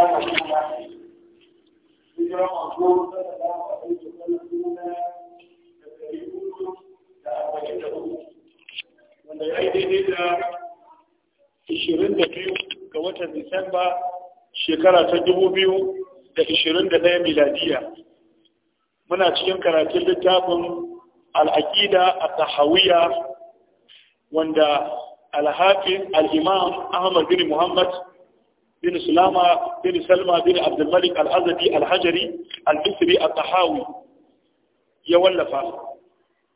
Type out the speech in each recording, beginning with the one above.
wanda ya yi daidai da ga watan Disamba shekara ta 2021 miladiya muna cikin karatun littafin al'aƙida a tahawiyya wanda al al'imam ahmad bin muhammad بن سلامة بن سلمى بن عبد الملك الأزدي الحجري المصري الطحاوي ya wallafa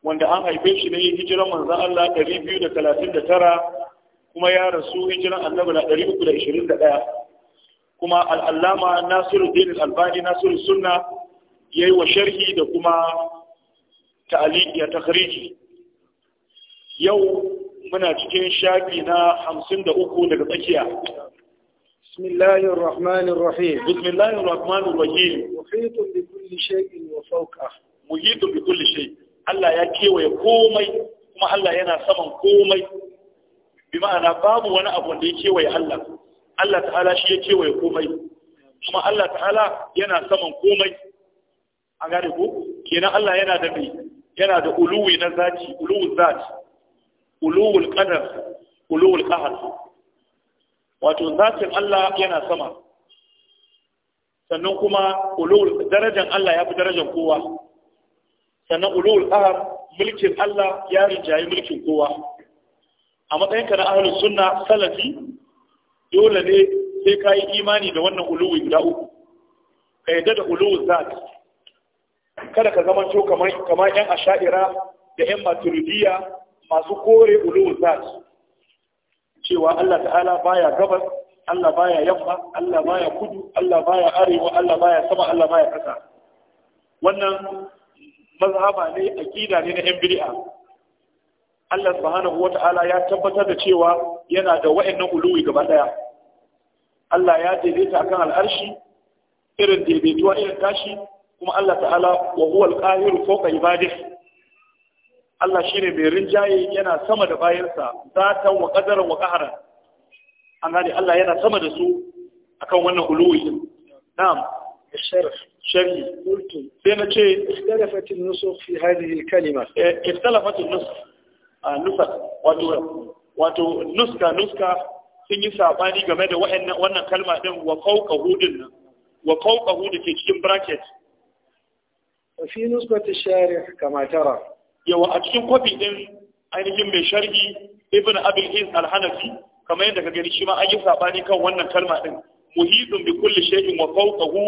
wanda an haife shi ne hijiran manzan Allah 239 kuma ya rasu hijiran annabi na 321 kuma al'allama nasiru dinin albani nasiru sunna ya wa sharhi da kuma ta'aliya ta khariji yau muna cikin shafi na uku daga tsakiya بسم الله الرحمن الرحيم بسم الله الرحمن الرحيم محيط بكل شيء وفوقه محيط بكل شيء الله يا كيوي كومي كما الله ينا سمن كومي بمعنى باب وانا ابو da ya kewaye Allah Allah ta'ala shi ya kewaye komai kuma Allah ta'ala yana saman komai an gane ko kenan Allah yana da mai yana da uluwi na zati uluwul zati uluwul qadar uluwul qahar wato zatin Allah yana sama sannan kuma ulul darajan Allah ya fi darajan kowa sannan ulul qahar mulkin Allah ya rinjayi mulkin kowa a matsayin ka na ahlus sunna salafi dole ne sai kai imani da wannan ulul guda uku ka yadda da ulul zat kada ka zama to kamar kamar yan asha'ira da yan maturidiya masu kore ulul zat cewa Allah ta'ala baya gabas Allah baya yamma Allah baya kudu Allah baya arewa Allah baya sama Allah baya ƙasa wannan mazhaba ne aqida ne na yan bid'a Allah subhanahu wata'ala ya tabbatar da cewa yana da wa'annan uluwi gaba daya Allah ya daidaita akan al'arshi irin daidaituwa irin tashi kuma Allah ta'ala wa huwa al-qahiru fawqa ibadihi Allah shi ne mai rinjaye yana sama da bayansa zatan wa qadaran wa qahran an gani Allah yana sama da su akan wannan uluwi Nam, na'am sharh sai na ce ikhtalafat an fi hadhihi kalima eh, ikhtalafat an a nusa ah, wato wato nuska nuska sun yi sabani game da wannan kalma din wa fawqa hudin nan wa fawqa hudin ke cikin bracket fi nusbat ash-sharih kama tara yawa a cikin kwafi ɗin ainihin mai sharhi ibn abil iz al-hanafi kamar yadda ka gani shi ma an yi saɓani kan wannan kalma din muhidun bi kulli shay'in wa fawqahu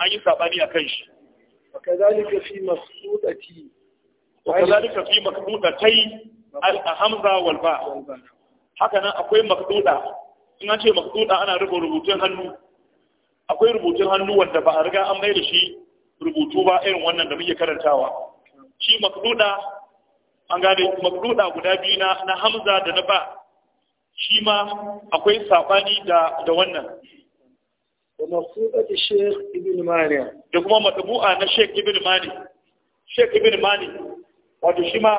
an yi sabani akan shi وكذلك في مسعودتي وكذلك في مقدودتي الهمزه Haka nan akwai makduda in an ce makduda ana rubu rubutun hannu akwai rubutun hannu wanda ba a riga an mai da shi rubutu ba irin wannan da muke karantawa shi makruda an gane makruda guda biyu na na hamza da na ba shi ma akwai sabani da da wannan da da shaykh ibn mani da kuma matbu'a na Sheik ibn mani shaykh ibn mani wato shi ma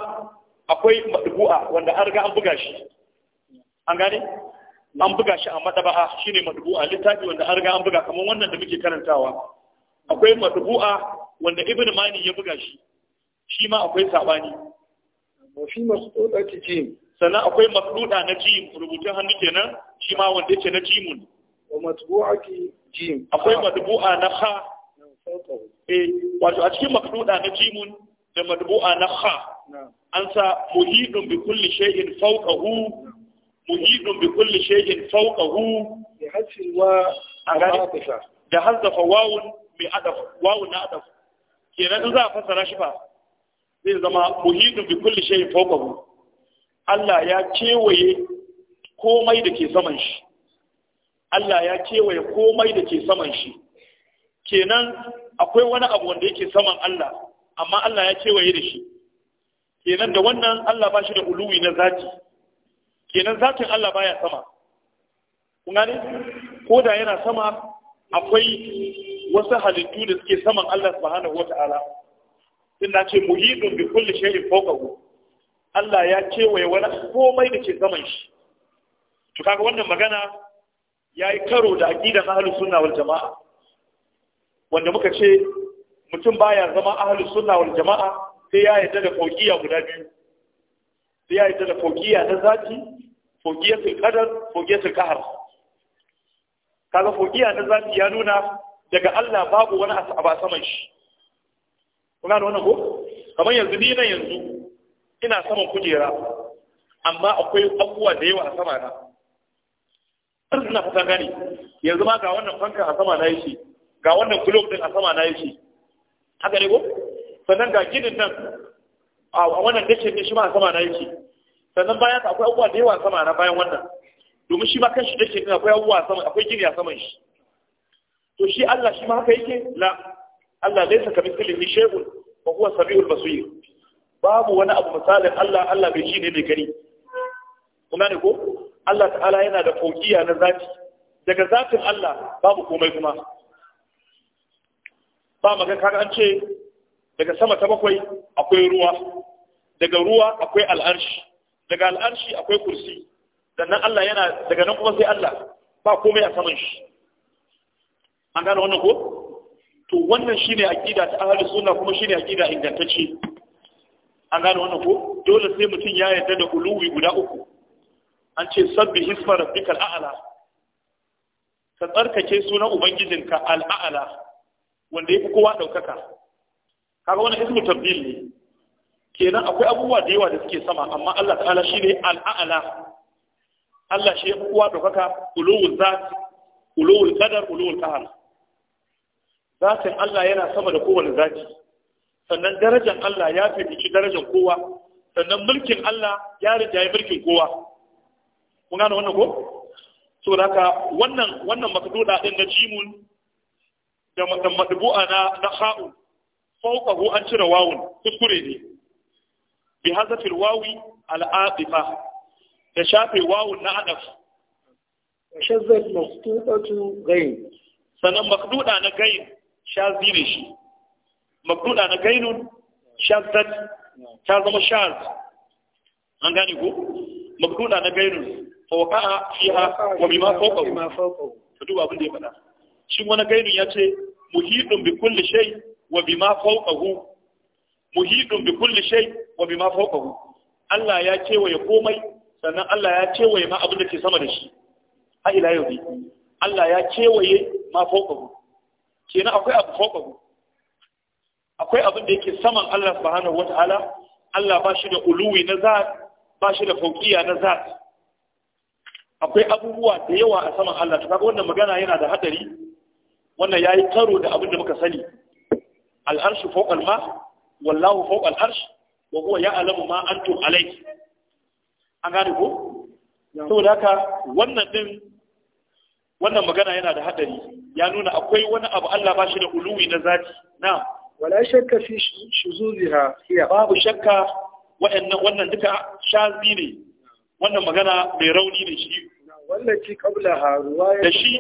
akwai matbu'a wanda an riga an buga shi an gane an buga shi a madaba'a shine matbu'a littafi wanda an riga an buga kamar wannan da muke karantawa akwai matbu'a wanda ibn mani ya buga shi shi ma akwai sabani wa fi ta jim sannan akwai masduda na jim rubutun hannu kenan shi ma wanda yake na jimun wa matbu'ati jim akwai matbu'a na kha eh wato a cikin masduda na jimun da matbu'a na kha an sa muhidun bi kulli shay'in fawqahu muhidun bi kulli shay'in fawqahu bi hasfi wa da hazzafa wawun bi adaf wawun na adaf kenan in za a fassara shi ba zai zama muhidu bi kulli shay'in fawqahu Allah ya kewaye komai da ke saman shi Allah ya kewaye komai da ke saman shi kenan akwai wani abu wanda yake saman Allah amma Allah ya kewaye da shi kenan da wannan Allah ba shi da uluwi na zati kenan zatin Allah baya sama kun gane ko da yana sama akwai wasu halittu da suke saman Allah subhanahu wata'ala Ina ce muhidun bi kulli shay'in fawqahu Allah ya kewaye wani komai da ke saman shi to kaga wannan magana yayi karo da na ahlus sunna wal jamaa wanda muka ce mutum baya zama ahlus sunna wal jamaa sai ya yarda da fawqiyya guda biyu sai ya yarda da fawqiyya na zati fawqiyatul qadar fawqiyatul qahr kaga fawqiyya na zati ya nuna daga Allah babu wani abu a saman shi ku da wannan ko kamar yanzu ni nan yanzu ina saman kujera amma akwai abubuwa da yawa a sama na ina fata gani. yanzu ma ga wannan fanka a sama na yake ga wannan globe din a sama na yake haka ne ko sannan ga ginin nan a wannan dace ne shi ma a sama na yake sannan bayan ka akwai abubuwa da yawa a sama na bayan wannan domin shi ma shi dace ne akwai abubuwa a sama akwai gini a saman shi to shi Allah shi ma haka yake la Allah zai saka mithlihi shay'un wa huwa samiul basir babu wani abu misalin Allah Allah bai shi ne mai gani kuma ne ko Allah ta'ala yana da fauqiya na zati daga zatin Allah babu komai kuma ba maka kaga an ce daga sama ta bakwai akwai ruwa daga ruwa akwai al'arshi daga al'arshi akwai kursi sannan Allah yana daga nan kuma sai Allah ba komai a saman shi an gane wannan ko to wannan shine aqida ta ahlus sunna kuma shine aqida ingantacce an gane wannan ko dole sai mutum ya yarda da uluwi guda uku an ce sabbi hisma rabbikal a'la ka tsarkake sunan ubangijinka al'a'la wanda yafi kowa daukaka kaga wannan ismu tabdil ne kenan akwai abubuwa da yawa da suke sama amma Allah ta'ala shine al'a'la Allah shi yafi kowa daukaka uluwul zat uluwul qadar uluwul qahar zatin Allah yana sama da kowane zati sannan darajar Allah ya fifici darajar kowa sannan mulkin Allah ya rija rijaye mulkin kowa kun gane wannan ko saboda haka wannan wannan makduda din na jimun da madbu'a na na ha'un fawqahu an cire wawun kuskure ne bi hazafil wawi al-aqifa da shafe wawun na adaf shazzal maqtudatu gayn Sannan maqduda na gayn shazi ne shi makuda na gainun shazzat ta zama shaz an gane ko makuda na gainun fawqa fiha wa bima fawqahu to duba abin da ya faɗa shi wani gainun ya ce muhidun bi kulli shay wa bima fawqahu muhidun bi kulli shay wa bima fawqahu Allah ya kewaye komai sannan Allah ya kewaye ma abin da ke sama da shi a ila yau Allah ya kewaye ma fawqahu kenan akwai abu fawqahu akwai abin da yake saman Allah subhanahu wataala Allah ba shi da uluwi na zat ba shi da fauqiya na zat akwai abubuwa da yawa a saman Allah to kaga wannan magana yana da hadari wannan yayi karo da abin da muka sani al-arshu fawqa al-ma wallahu fawqa al-arsh wa huwa ya'lamu ma antum alayhi an gane ko saboda haka wannan din wannan magana yana da hadari ya nuna akwai wani abu Allah ba shi da uluwi na zati na wala shakka fi shuzuziha hiya babu shakka waɗannan wannan duka shazi ne wannan magana mai rauni ne shi wallaci qablaha ruwaya da shi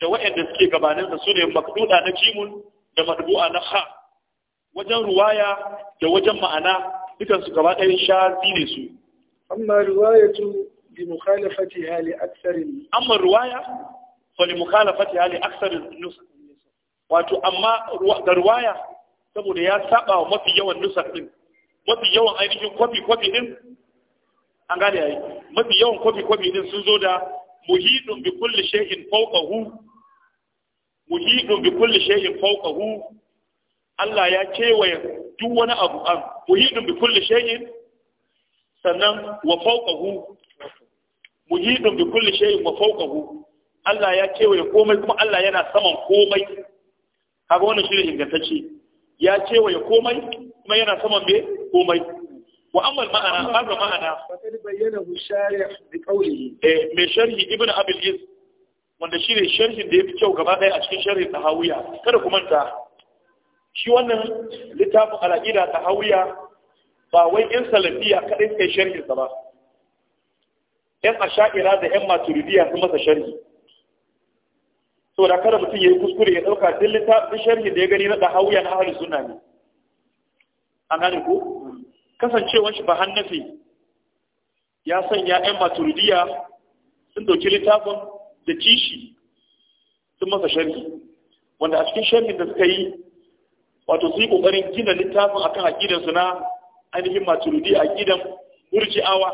da wa'anda suke gabanin da sune makduda na jimun da madbu'a na kha. wajen ruwaya da wajen ma'ana dukan su gaba ɗaya shazi ne su amma ruwayatu bi mukhalafatiha li aktsari amma ruwaya wani mukhalafati hali aksar nus wato amma ga ruwaya saboda ya saba wa mafi yawan nusar din mafi yawan ainihin kwafi kwafi din an gane yayi mafi yawan kwafi kwafi din sun zo da muhidun bi kulli shay'in fawqahu muhidun bi kulli shay'in fawqahu Allah ya kewaye duk wani abu an muhidun bi kulli shay'in sannan wa fawqahu muhidun bi kulli shay'in wa fawqahu Allah ya kewaye komai kuma Allah yana saman komai kaga wannan shirin ingantacce ya kewaye komai kuma yana saman me komai wa amma ma'ana hada ma'ana fakad bayyana hu sharih bi qawlihi eh me sharhi ibn abul iz wanda shi ne sharhin da yafi kyau gaba daya a cikin sharhin tahawiya kada ku manta shi wannan littafin al-aqida tahawiya ba wai in salafiya kadai sai sharhin sa ba yan asha'ira da yan maturidiya sun masa sharhi da kada mutum ya yi kuskure ya ɗauka duk littafin sharhi da ya gani na hauya na ahalin suna ne an gane ko kasancewar shi ba hannafi ya sanya 'yan maturidiya sun ɗauki littafin da kishi sun masa sharhi wanda a cikin sharhi da suka yi wato su yi ƙoƙarin gina littafin a akan aƙidansu na ainihin maturidiya aƙidan murji'awa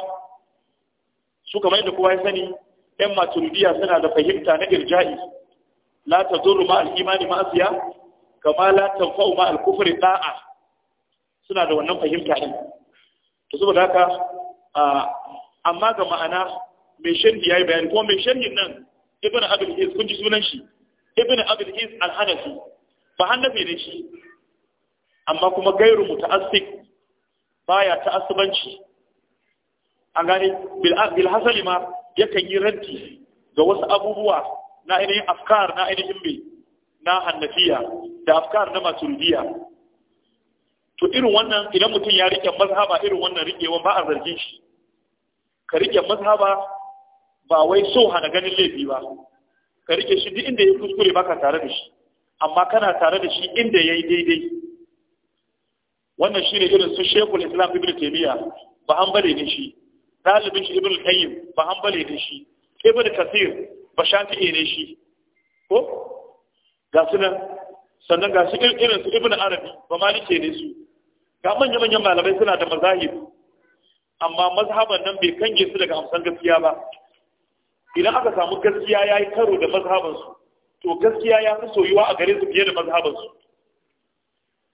su kamar yadda kowa ya sani 'yan maturidiya suna da fahimta na irja'i لا tazuru ma al-imani ma'asiya kama la tanfa'u ma al da'a suna da wannan fahimta din to saboda haka amma ga ma'ana mai sharhi yi bayani kuma mai sharhin nan ibn abul is kun ji sunan shi ibn abul hiz al-hanafi fa hanafi ne shi amma kuma gairu muta'assib baya ta'assubanci an gane bil hasali ma yakan yi ranti ga wasu abubuwa na ainihin afkar na ainihin mai na hannafiya da afkar na maturidiya to irin wannan idan mutum ya rike mazhaba irin wannan rikewan ba a zargin shi ka rike mazhaba ba wai so hana ganin laifi ba ka rike shi duk inda ya kuskure baka tare da shi amma kana tare da shi inda ya yi daidai wannan shi ne irin su shekul islam ibn taimiyya ba an bale ne shi ɗalibin shi ibn qayyim ba an bale ne shi ibn kasir ba shafi'i ne shi ko ga su nan sannan ga su irin su ibn arabi ba malike ne su ga manya manyan malamai suna da mazahib amma mazhaban nan bai kange su daga amsan gaskiya ba idan aka samu gaskiya ya yi karo da mazhaban su to gaskiya ya fi soyuwa a gare su fiye da mazhaban su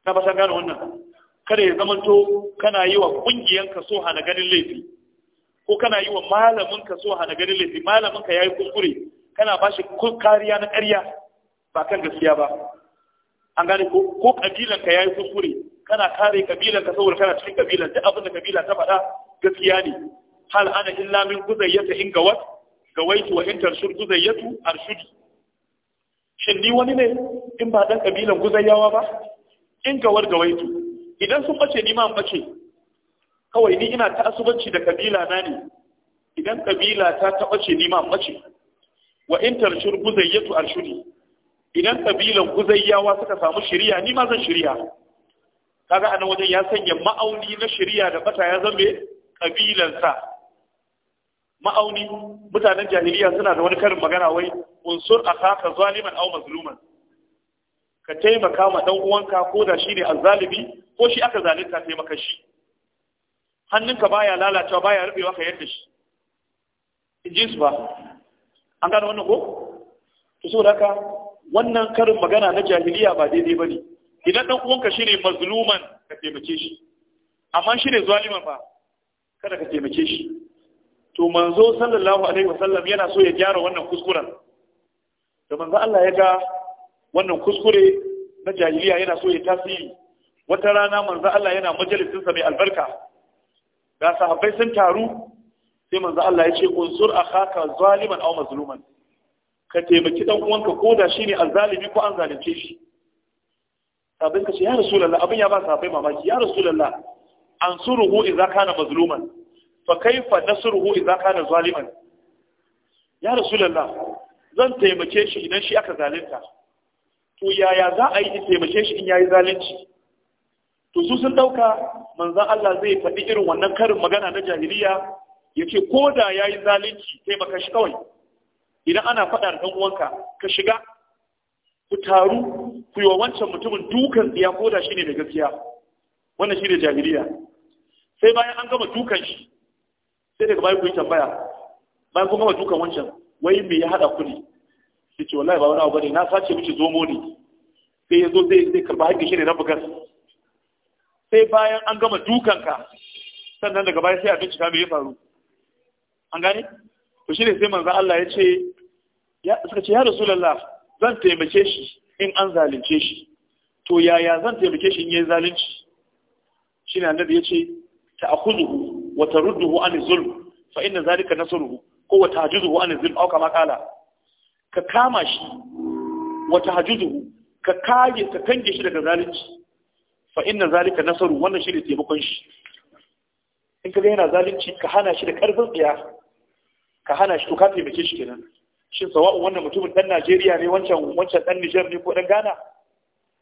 ta ba gane wannan kada ya zamanto kana yi wa kungiyanka so hana ganin laifi ko kana yi wa malamin ka so hana ganin laifi malamin ka yayi kuskure kana ba shi kariya na ƙarya ba kan gaskiya ba an gane ko ko kabilan ka yayi kuskure kana kare kabilan ka saboda kana cikin kabilan duk abin da kabila ta faɗa gaskiya ne hal ana illa min guzayyata in gawat gawaitu wa in tarshur guzayyatu arshudi shin ni wani ne in ba dan kabilan guzayyawa ba in gawar gawaitu idan sun bace ni ma bace kawai ni ina ta'asubanci da kabila na ne idan kabila ta ce ni ma mace wa in tarshur guzayyatu arshudi idan kabilan guzayyawa suka samu shiriya ni ma zan shiriya kaga anan wajen ya sanya ma'auni na shiriya da bata ya zambe sa ma'auni mutanen jahiliya suna da wani karin magana wai unsur akaka zaliman aw mazluman ka taimaka ma dan uwanka ko da shine azzalimi ko shi aka zalunta taimaka shi hannunka baya lalacewa baya rubewa ka yadda shi in ji su ba an gane wannan ko to saboda haka wannan karin magana na jahiliya ba daidai ba ne idan ɗan uwanka shi ne mazluman ka taimake shi amma shi ne zaliman ba kada ka taimake shi to manzo sallallahu alaihi wasallam yana so ya gyara wannan kuskuren da manzo Allah ya ga wannan kuskure na jahiliya yana so ya tasiri wata rana manzo Allah yana majalisinsa mai albarka ga sahabbai sun taru sai manzo Allah ya ce unsur akhaka zaliman aw mazluman ka taimaki dan uwanka ko da shine azzalimi ko an zalunce shi sahabbai ka ce ya rasulullah abin ya ba sahabbai mamaki ya rasulullah ansuruhu idza kana mazluman fa kaifa nasruhu idza kana zaliman ya rasulullah zan taimake shi idan shi aka zalunta to yaya za a yi taimake shi in yayi zalunci to su sun dauka manzon Allah zai faɗi irin wannan karin magana na jahiliya ce ko da ya yi zalunci sai maka shi kawai idan ana faɗa da ɗan uwanka ka shiga ku taru ku yi wa wancan mutumin dukan tsiya ko da shi ne da gaskiya wannan shi ne jahiliya sai bayan an gama dukan shi sai daga bayan ku yi tambaya bayan kun gama dukan wancan wai me ya haɗa ku ne sai ce wallahi ba wani abu bane na sace miki zomo ne sai ya zo zai karba haƙƙin shi ne na bugar sai bayan an gama dukanka sannan daga baya sai a bincika me ya faru an gane to shi ne sai manzo Allah ya ce ya suka ce ya rasulullah zan taimake shi in an zalunce shi to yaya zan taimake shi in yayi zalunci shi ne annabi ya ce ta'khudhu wa tarudduhu an zulm fa inna zalika nasruhu ko wa tahjuzuhu an zulm aw kama kala ka kama shi wa tahjuzuhu ka kage ka kange shi daga zalunci fa inna zalika nasaru wannan shi ne taimakon shi in ka ga yana zalunci ka hana shi da karfin tsiya ka hana shi to ka taimake shi kenan shin sawa'un wannan mutumin dan Najeriya ne wancan wancan dan Niger ne ko dan Ghana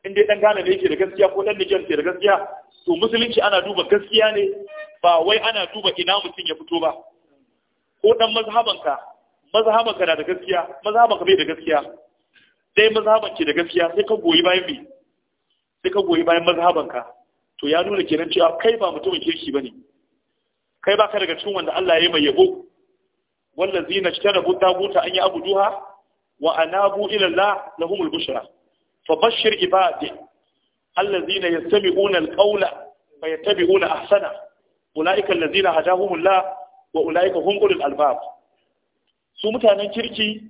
in dai dan Ghana ne yake da gaskiya ko dan Niger ke da gaskiya to musulunci ana duba gaskiya ne ba wai ana duba ina mutum ya fito ba ko dan mazhabanka mazhabanka na da gaskiya mazhabanka bai da gaskiya dai mazhaban ke da gaskiya sai ka goyi bayan mai sai ka goyi bayan mazhabanka to ya nuna kenan cewa kai ba mutumin kirki bane kai ba ka daga cikin wanda Allah ya yi mai yabo wallazi na rabu taguta an yi abu duha wa anabu ila Allah lahumul bushra fa bashir ibadi allazina yastami'una alqawla fa yattabi'una ahsana ulaika allazina hadahumullah wa ulaika hum ulul albab su mutanen kirki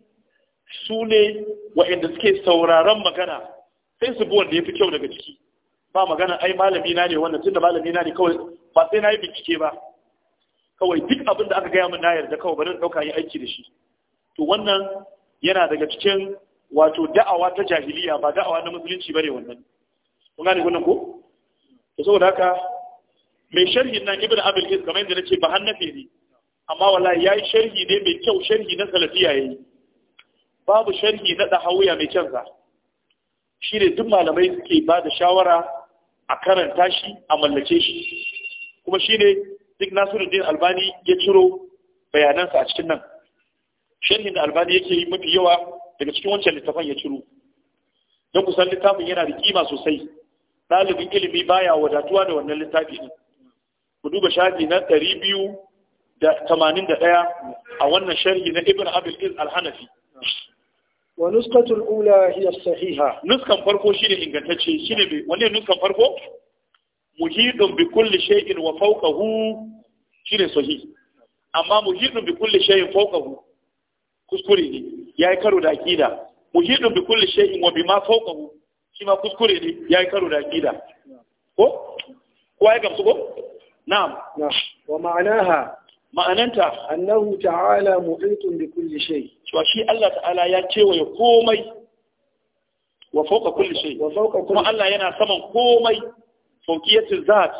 su ne wa'inda suke sauraron magana sai su bi wanda ya fi kyau daga ciki ba magana ai malami na ne wannan tunda malami na ne kawai ba sai na yi bincike ba kawai duk abin da aka gaya min na yarda kawai bari ɗauka yi aiki da shi to wannan yana daga cikin wato da'awa ta jahiliya ba da'awa na musulunci bane wannan kun gane wannan ko to saboda haka mai sharhi nan ibn abul is kamar yadda nace ba hannafe ne amma wallahi yayi sharhi ne mai kyau sharhi na salafiya yayi babu sharhi na dahawiya mai sa. shi ne duk malamai suke ba da shawara a karanta shi a mallake shi kuma shi ne duk nasiruddin albani ya ciro bayanansa a cikin nan sharhin da albani yake yi mafi yawa daga cikin wancan littafan ya ciro don kusan littafin yana da kima sosai ɗalibin ilimi baya wadatuwa da wannan littafi ne ku duba shafi na ɗari biyu da tamanin da ɗaya a wannan sharhi na ibn abil al-hanafi wa nuskatul ula hiya sahiha nuskan farko shine ingantacce shine bai wanne nuskan farko muhidun bi kulli shay'in wa fawqahu shine sahih amma muhidun bi kulli shay'in fawqahu kuskure ne yayi karo da akida muhidun bi kulli shay'in wa bima fawqahu shi ma kuskure ne yayi karo da akida ko ko ai gamsu ko na'am wa ma'ananta annahu ta'ala muhitun bi kulli shay' cewa shi Allah ta'ala ya kewaye komai wa fauka kulli shay kuma Allah yana saman komai fawqiyatul zat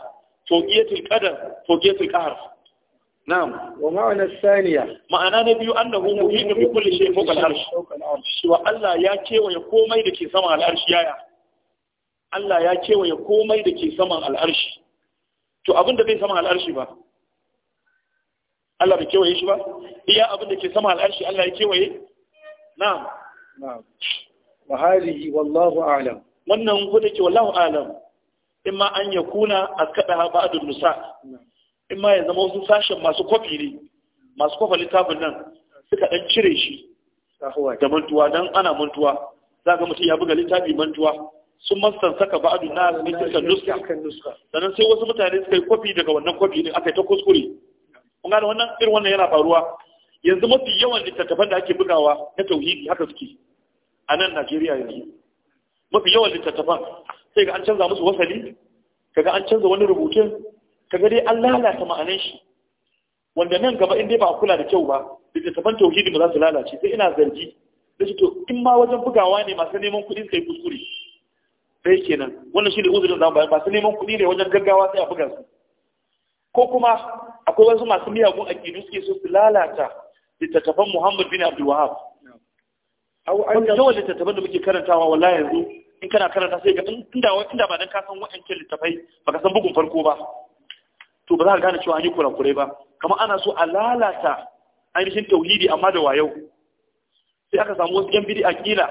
fawqiyatul qadar fawqiyatul qahr na'am wa ma'ana thaniya ma'ana na biyu annahu muhitun bi kulli shay fawqa al-arsh cewa Allah ya kewaye komai da ke saman al yaya Allah ya kewaye komai da ke saman al'arshi, to abin da bai saman al'arshi ba Allah bai kewaye shi ba iya abin da ke sama al'arshi Allah ya kewaye na'am na'am wa hadhihi wallahu a'lam wannan ko ke wallahu a'lam in ma an yakuna askada ba'dul nusa in ma ya zama wasu sashen masu kofi ne masu kofa littafin nan suka dan cire shi da mantuwa dan ana mantuwa za ga mutum ya buga littafi mantuwa sun mastan saka ba'adu na littafin nuska sannan sai wasu mutane suka yi kofi daga wannan kofi ne aka yi ta kuskure kun gane wannan irin wannan yana faruwa yanzu mafi yawan littattafan da ake bugawa na tauhidi haka suke a nan Najeriya yanzu mafi yawan littattafan sai ga an canza musu wasali kaga an canza wani rubutun kaga dai an lalata ma'anan shi wanda nan gaba in dai ba a kula da kyau ba littattafan tauhidi ba za su lalace sai ina zargi da shi to in ma wajen bugawa ne masu neman kuɗi sai kuskure sai kenan wannan shi ne uzurin zamu bayan masu neman kuɗi ne wajen gaggawa sai a buga su ko kuma akwai wasu masu miyagun akidu suke so su lalata littattafan Muhammad bin Abdul Wahab wanda yawan da muke karantawa wallahi yanzu in kana karanta sai ga inda inda ba dan ka san littafai littattafai ka san bugun farko ba to ba za ka gane cewa an yi kurakurai ba kamar ana so a lalata ainihin tauhidi amma da wayo sai aka samu wasu yan a kila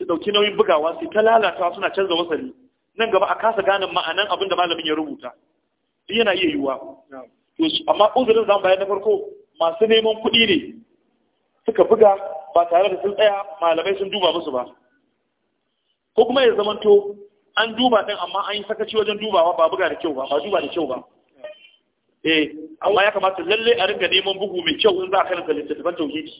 su ɗauki nauyin bugawa sai ta lalata suna canza wasali nan gaba a kasa ganin ma'anan abin da malamin ya rubuta yana iya yiwuwa amma uzurin zan bayan na farko masu neman kuɗi ne suka buga ba tare da sun tsaya malamai sun duba musu ba ko kuma ya zamanto an duba ɗin amma an yi sakaci wajen dubawa ba buga da kyau ba ba duba da kyau ba eh amma ya kamata lalle a ringa neman bugu mai kyau in za a karanta littattafan tauhidi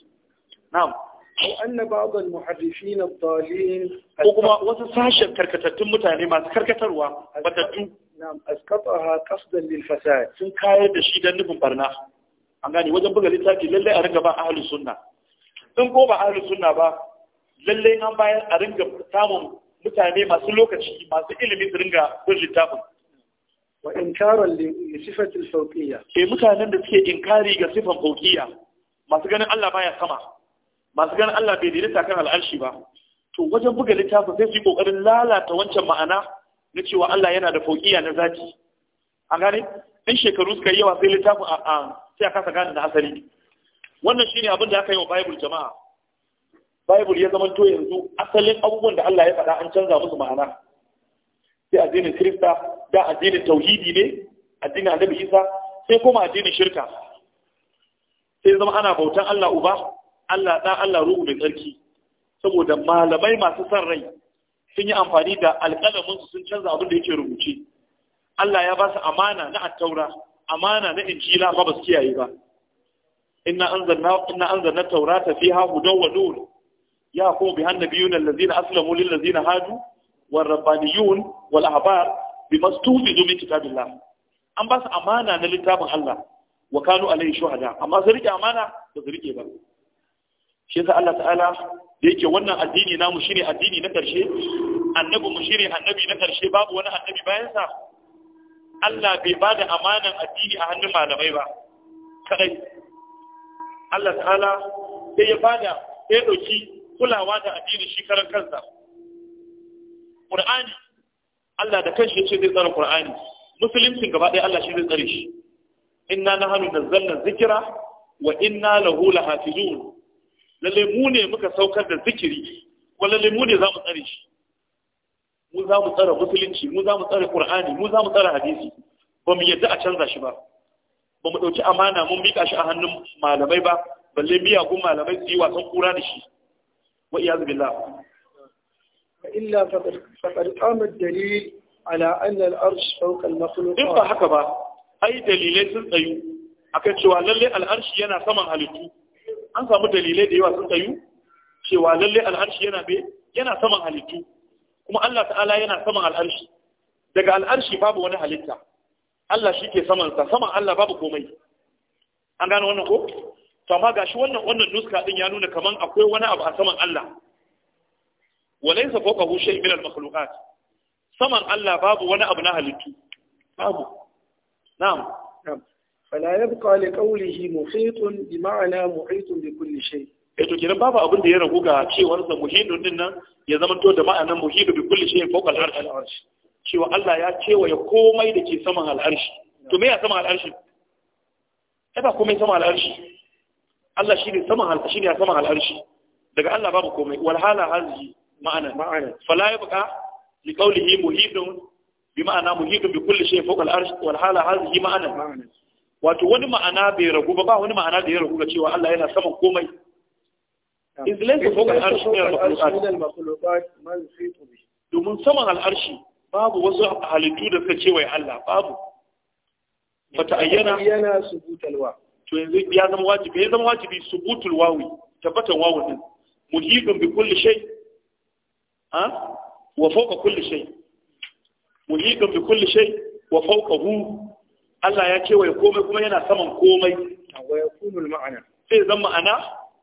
na'am ko anna ba'd al ad-dalin ko kuma wasu sashen karkatattun mutane masu karkatarwa batattu na'am askataha qasdan lil fasad sun kayar da shi dan nufin barna an gane wajen buga littafi lallai a ringa ba ahlus sunna in ko ba ahlus sunna ba lallai an bayar a ringa samun mutane masu lokaci masu ilimi su ringa bin littafin wa inkaran li sifati al-fawqiyya eh mutanen da suke inkari ga sifan fawqiyya masu ganin Allah baya sama masu ganin Allah bai daidaita kan al'arshi ba to wajen buga littafin sai su yi kokarin lalata wancan ma'ana na cewa Allah yana da fauƙiya na zaki, an gane in shekaru suka yi yawa sai littafin a sai a kasa gane da asali wannan shine abin da aka yi wa bible jama'a bible ya zama to yanzu asalin abubuwan da Allah ya faɗa an canza musu ma'ana sai addinin krista da addinin tauhidi ne addinin annabi isa sai kuma addinin shirka sai zama ana bautan Allah uba Allah ɗan Allah ruhu mai tsarki saboda malamai masu son rai sun yi amfani da alƙalamin su sun canza abin da yake rubuce Allah ya ba su amana na attaura amana na injila ba ba su kiyaye ba inna anzalna inna anzalna taurata fiha hudan wa nur ya ko bi hannabiyuna allazina aslamu lil ladzina hadu wal rabbaniyun wal ahbar bima stufidu min kitabillah an ba su amana na littafin Allah wa kanu alayhi shuhada amma su rike amana ba su rike ba shi yasa Allah ta'ala da yake wannan addini namu shine addini na ƙarshe, annabi mu shine annabi na ƙarshe, babu wani annabi bayan sa Allah bai ba da amanan addini a hannun malamai ba kadai Allah ta'ala sai ya bada sai ya dauki kulawa da addini shi karan kansa Qur'ani Allah da kanshi yace zai tsara Qur'ani musulunci gaba ɗaya Allah shi zai tsare shi inna nahnu nazzalna dhikra wa inna lahu lahafizun lalle mu ne muka saukar da zikiri ko lalle mu ne za mu tsare shi mu za mu tsare musulunci mu za mu tsare qur'ani mu za mu tsare hadisi ba mu yadda a canza shi ba ba mu ɗauki amana mun miƙa shi a hannun malamai ba balle miyagun malamai su yi wasan kura da shi wa iyazu billah illa faqad qama dalil ala anna al-arsh fawqa al-makhluq in ba haka ba ai dalilai sun tsayu akan cewa lalle al-arsh yana saman halittu an samu dalilai da yawa sun tsayu cewa lalle al'arshi yana be yana saman halittu kuma Allah ta'ala yana saman al'arshi daga al'arshi babu wani halitta Allah shi ke samansa saman Allah babu komai an gano wannan ko to amma gashi wannan wannan nuska din ya nuna kaman akwai wani abu a saman Allah walaysa fawqahu shay min al-makhluqat saman Allah babu wani abu na halittu babu na'am فلا يبقى لقوله محيط بمعنى محيط بكل شيء eh, to kenan babu abin da ya ragu ga cewar sa muhidun din nan ya zama to da ma'anan muhidu bi kulli shay'in fawqa al-arsh cewa Allah ya cewa ya komai da ke saman al-arshi to me ya saman al-arshi kada komai saman al-arshi Allah shine saman al-arshi ne saman al-arshi daga Allah babu komai wal hala hazi ma'ana ma'ana fala yabqa li qawlihi muhidun bi ma'ana muhidu bi kulli shay'in fawqa al-arsh wal hala hazi ma'ana ma'ana wato wani ma'ana bai ragu ba ba wani ma'ana da ya ragu da cewa Allah yana saman komai إذ ليس فوق ne من المخلوقات domin saman al'arshi babu wasu halittu da suka cewa Allah babu fata ayyana yana to yanzu ya zama wajibi ya zama wajibi subutul wawi tabbatan wawun din muhidun bi kulli shay ha wa fawqa kulli shay muhidun bi kulli shay wa fawqahu Allah ya kewaye komai kuma yana saman komai wa kunul ma'ana sai zan ma'ana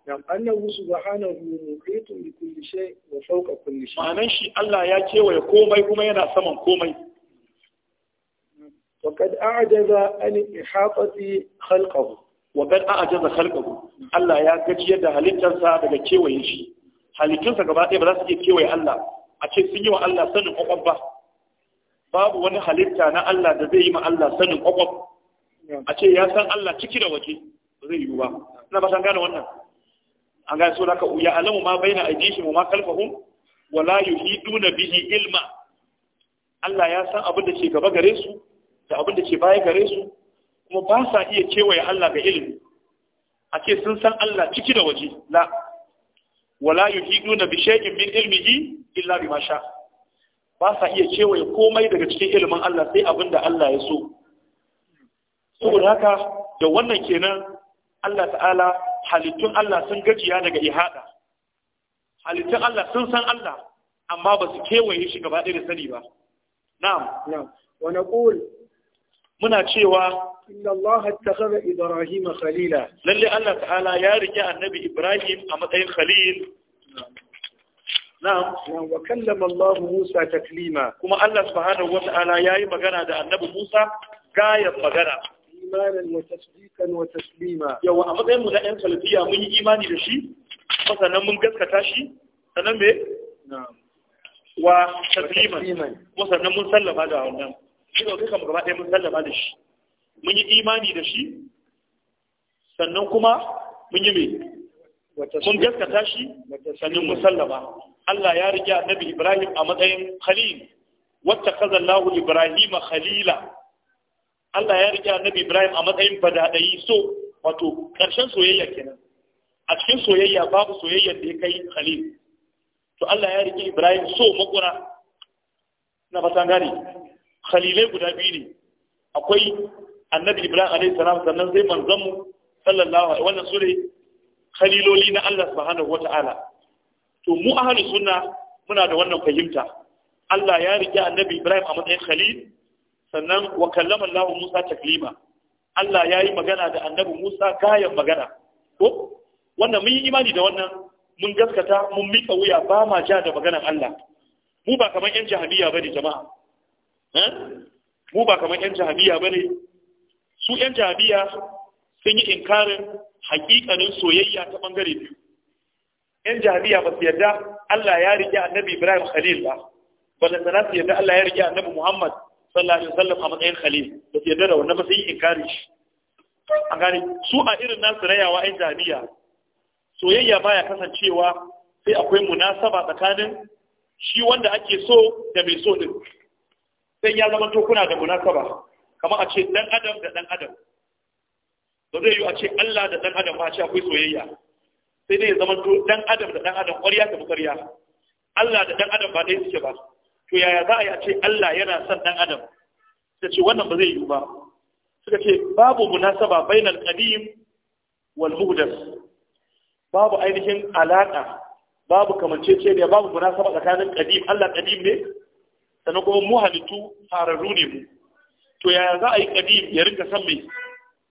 nam annahu subhanahu muqitun bi kulli shay wa fawqa kulli shay ma'anan shi Allah ya kewaye komai kuma yana saman komai wa kad a'jaza an ihaqati khalqahu wa kad a'jaza khalqahu Allah ya gaji yadda halittarsa daga kewaye shi halittunsa gaba ɗaya ba za su iya kewaye Allah a ce sun yi wa Allah sanin ƙwaƙwaf ba babu wani halitta na Allah da zai yi ma Allah sanin kwakwaf a ce ya san Allah ciki da waje ba zai yiwu ba ina ba san gane wannan an gane so da ka ya alamu ma baina mu ma kalfahum wala yuhiduna bihi ilma Allah ya san abin da ke gaba gare su da abin da ke baya gare su kuma ba sa iya kewaye Allah ga ilimi a ce sun san Allah ciki da waje la wala yuhiduna bi shay'in min ilmihi illa bi ma sha ba sa iya kewaye komai daga cikin ilimin Allah sai abin da Allah ya so saboda haka da wannan kenan Allah ta'ala halittun Allah sun gajiya daga ihada halittun Allah sun san Allah amma ba su kewaye shi gaba ɗaya da sani ba na'am muna cewa inna Allah Ibrahim khalila lalle Allah ta'ala ya rike annabi Ibrahim a matsayin khalil na'am wa kallama Allah Musa taklima kuma Allah subhanahu ya yi magana da annabi Musa gayan magana imanan wa tasdiqan wa taslima yawa a matsayin mu da ɗan mun yi imani da shi sannan mun gaskata shi sannan me na'am wa sannan mun sallama da wannan shi ne duka gaba ɗaya mun sallama da shi mun yi imani da shi sannan kuma mun yi me mun gaskata shi sanin musallama Allah ya rike annabi Ibrahim a matsayin khalil wacce kaza Allahu Ibrahim khalila Allah ya rike annabi Ibrahim a matsayin fadadayi so wato karshen soyayya kenan a cikin soyayya babu soyayya da ya kai khalil to Allah ya rike Ibrahim so makura na fata gane khalilai guda biyu ne akwai annabi Ibrahim alaihi salam sannan sai manzon mu sallallahu alaihi wannan sure kaliloli na Allah subhanahu wata'ala to mu ahli sunna muna da wannan fahimta Allah ya rike annabi Ibrahim a matsayin khalil sannan wa kallama Allah Musa taklima Allah ya yi magana da annabi Musa gayan magana ko wannan mun yi imani da wannan mun gaskata mun mika wuya ba ma ja da maganar Allah mu ba kamar yan jahabiyya bane jama'a eh? mu ba kamar yan jahabiyya bane su yan jahabiyya sun yi inkarin hakikanin soyayya ta bangare biyu yan jami'a ba su yarda Allah ya rike annabi Ibrahim Khalil ba ba na su yarda Allah ya rike annabi Muhammad sallallahu alaihi wasallam a matsayin Khalil ba su yarda da wannan ba sai inkari shi an gani su a irin nasu rayawa yan jami'a soyayya baya kasancewa sai akwai munasaba tsakanin shi wanda ake so da mai so din sai ya zama to kuna da munasaba kamar a ce dan adam da dan adam ba zai yi a ce Allah da ɗan adam ba shi akwai soyayya sai dai ya zama to ɗan adam da ɗan adam ƙwarya ta ƙwarya Allah da ɗan adam ba ɗaya suke ba to yaya za a yi a ce Allah yana son ɗan adam suka ce wannan ba zai yi ba suka ce babu munasaba bainal qadim wal muhdath babu ainihin alaka babu kamancece da babu munasaba tsakanin qadim Allah qadim ne sannan kuma muhalitu halittu fararru ne mu to yaya za a yi qadim ya rinka san mai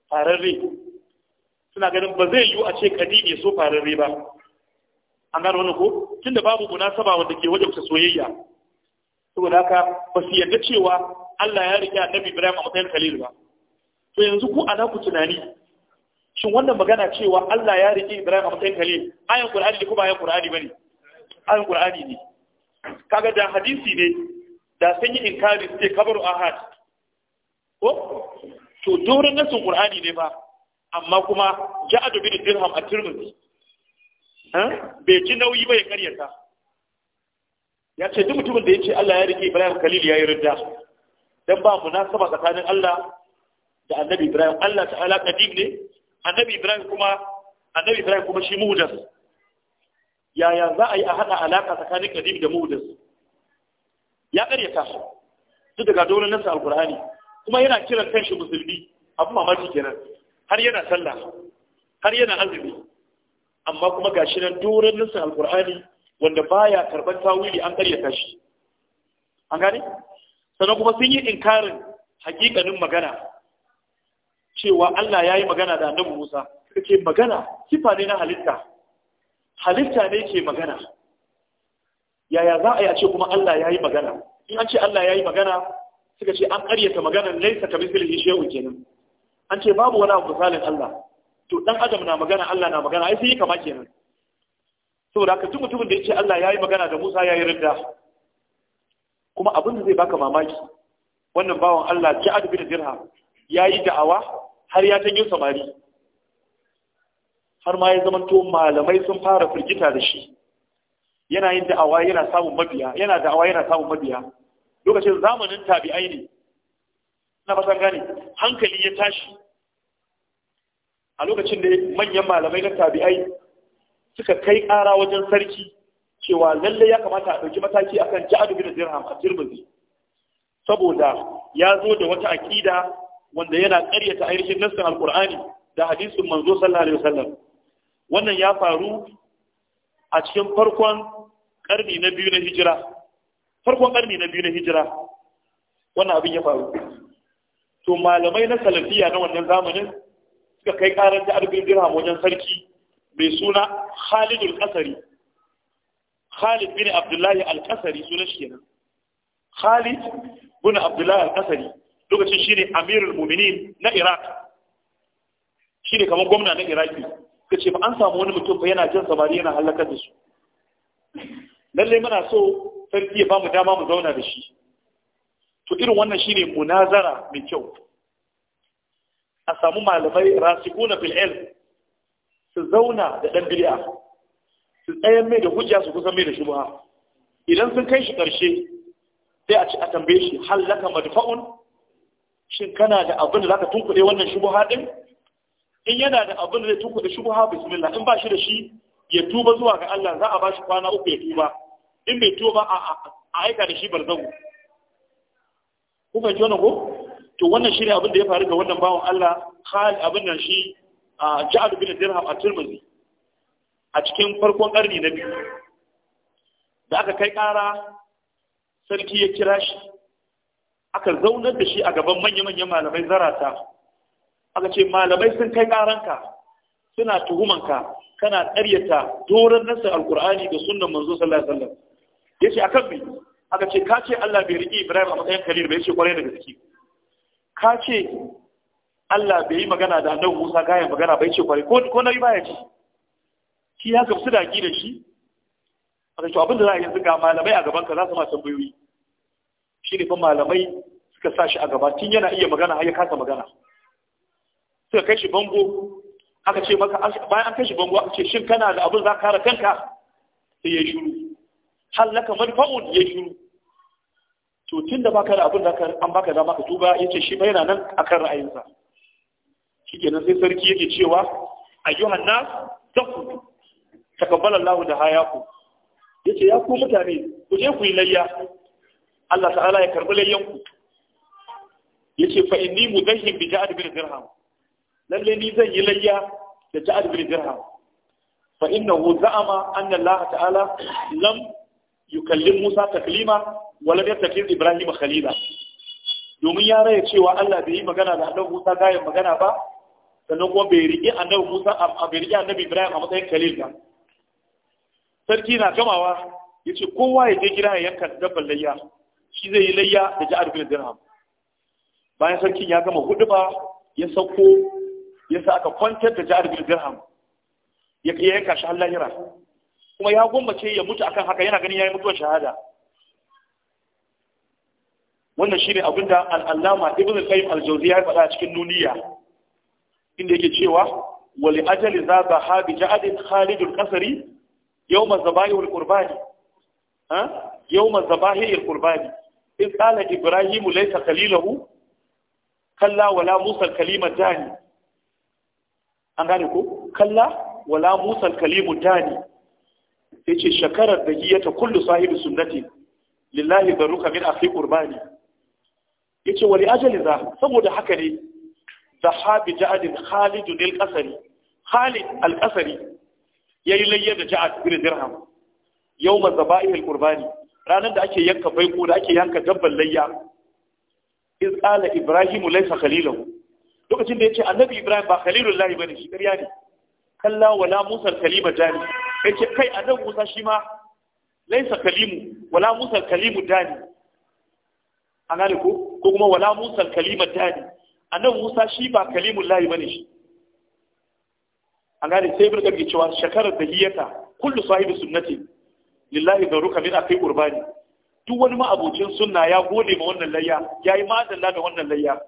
fararre suna ganin ba zai yiwu a ce kadimi so fararre ba an gano wani ko tunda babu saba wanda ke wajen soyayya saboda haka ba su yarda cewa Allah ya rike Annabi Ibrahim a matsayin Khalil ba to yanzu ku ana ku tunani shin wannan magana cewa Allah ya rike Ibrahim a matsayin Khalil ayan Qur'ani ne ko ba ayan Qur'ani bane ayan Qur'ani ne kaga da hadisi ne da sun yi inkari sai kabaru ahad ko to doron nasin qur'ani ne ba amma kuma ja'adu bin dirham a tirmidhi eh, bai ji nauyi ba ya karyata ya ce duk mutumin da ya ce Allah ya rike Ibrahim Khalil ya yi ridda dan ba mu munasaba tsakanin Allah da Annabi Ibrahim Allah ta'ala kadim ne Annabi Ibrahim kuma Annabi Ibrahim kuma shi muhdas yaya za a yi a hada alaka tsakanin kadim da mudas ya karyata su duk daga dole nasa alqur'ani kuma yana kiran kanshi musulmi abu mamaki kenan har yana sallah har yana azumi amma kuma gashi nan doron nisan alkur'ani wanda baya karban tawili an karyata shi an gane sannan kuma sun yi inkarin hakikanin magana cewa Allah ya yi magana da annabi Musa ce magana sifa ne na halitta halitta ne ke magana yaya za a yi a ce kuma Allah ya yi magana in an ce Allah ya yi magana suka ce an ƙaryata maganar laisa ka mislihi shay'un kenan an ce babu wani abu misalin Allah to dan adam na magana Allah na magana ai sai kama kenan saboda ka duk mutumin da yake Allah yayi magana da Musa yayi ridda kuma abin da zai baka mamaki wannan bawan Allah da bin ya yayi da'awa har ya tanyo samari har ma ya zama to malamai sun fara firgita da shi yana yin da'awa yana samun mabiya yana da'awa yana samun mabiya lokacin zamanin tabi'ai ne na fatan ne. hankali ya tashi a lokacin da manyan malamai na tabi'ai suka kai ƙara wajen sarki cewa lalle ya kamata a ɗauki mataki akan ja'adu bin dirham a tirmidhi saboda ya zo da wata aƙida wanda yana ƙaryata ainihin nassin alƙur'ani da hadisin manzo sallallahu alaihi wasallam wannan ya faru a cikin farkon ƙarni na biyu na hijira farkon karni na biyu na hijira wannan abin ya faru to malamai na salafiya na wannan zamanin suka kai karar da arbin dirham wajen sarki mai suna al Qasari Khalid bin Abdullahi Al-Qasari sunan shi kenan Khalid bin Abdullahi Al-Qasari lokacin shine Amirul Mu'minin na Iraq shine kamar gwamna na Iraq ka ce ba an samu wani mutum ba yana jin samari yana halaka da su lallai muna so sarki ya ba mu dama mu zauna da shi to irin wannan shine munazara mai kyau a samu malamai rasikuna fil ilm su zauna da dan bid'a su tsayan mai da hujja su kusa mai da shubha idan sun kai shi karshe sai a ci a tambaye shi hal laka madfa'un shin kana da abin da zaka tunkuɗe wannan shubha din in yana da abin da zai tunkuɗe shubha bismillah in ba shi da shi ya tuba zuwa ga Allah za a ba shi kwana uku ya tuba in bai ba a aika da shi barzahu ku jona ko to wannan shirya abin da ya faru ga wannan bawan Allah Khalid abin nan shi a Ja'ad bin Dirham a turmazi a cikin farkon karni na biyu da aka kai kara sarki ya kira shi aka zaunar da shi a gaban manya-manyan malamai zarata aka ce malamai sun kai karanka suna tuhumanka kana ƙaryata doron nasar alkur'ani da sunan manzo sallallahu alaihi wasallam ya ce akan me aka ce ka ce Allah bai riƙe Ibrahim a matsayin Khalil bai ce kwarai da gaske ka ce Allah bai yi magana da annabi Musa ga magana bai ce kwarai ko ko nayi baya ci shi ya gamsu da da shi aka ce abin da za a yanzu ga malamai a gaban ka za su ma tambayoyi shi ne fa malamai suka sa shi a gaba tun yana iya magana har ya kasa magana suka kai shi bango aka ce maka bayan an kai shi bango aka ce shin kana da abin za ka kare kanka sai ya shiru halaka madfa'un ya shiru to tun da baka da abin da an baka dama ka tuba yace shi ba yana nan akan ra'ayinsa shikenan sai sarki yake cewa ayyuhan nas tafu takabbala Allahu da hayaku yace ya ku mutane ku je ku yi layya Allah ta'ala ya karbi layyanku yace fa inni mudahhim bi ja'ad bil dirham lalle ni zan yi layya da ja'ad bil dirham fa innahu za'ama anna Allah ta'ala lam yukallim Musa taklima da yattakhidh Ibrahim khalila domin ya raya cewa Allah bai yi magana da Annabi Musa gayan magana ba sannan kuma bai riƙe Annabi Musa a bai riƙe Annabi Ibrahim a matsayin khalil ba sarki na gamawa yace kowa ya je gida ya yanka dabbar layya shi zai yi layya da ja'ar bin dirham bayan sarkin ya gama huduba ya sauko ya sa aka kwantar da ja'ar bin dirham ya yanka shi har lahira kuma ya gwammace ya mutu akan haka yana ganin ya yi mutuwar shahada wannan shine abin da al'allama ibn al-qayyim al jauzi ya faɗa cikin nuniya inda yake cewa wali ajali za ba ha bi ja'adin khalidul qasri yawma zabaihul qurbani ha yawma zabaihul qurbani in qala ibrahim laysa khalilahu kalla wala musa kalima dani an gane ko kalla wala musa kalimu dani yace ce shakarar da yi ta kullu sahibi sunnati lillahi baruka min akhi qurbani yace wali ajali za saboda haka ne zahabi ja'adin khalid lil qasri khalid al qasari yayi layya da ja'ad bin dirham yawma zaba'i al qurbani ranar da ake yanka baiko da ake yanka dabban layya iz qala ibrahim laysa khalilahu lokacin da yace annabi ibrahim ba khalilullahi bane shi kariya ne kalla wala musa kalima jani yace kai a nan Musa shi ma laisa kalimu wala Musa kalimu dani A gane ko ko kuma wala Musa kalima dani nan Musa shi ba kalimu lahi bane shi A gane sai bin gabi cewa shakarar da hiyata kullu sahibi sunnati lillahi daruka min akai qurbani duk wani ma'abocin sunna ya gode ma wannan layya yayi madalla da wannan layya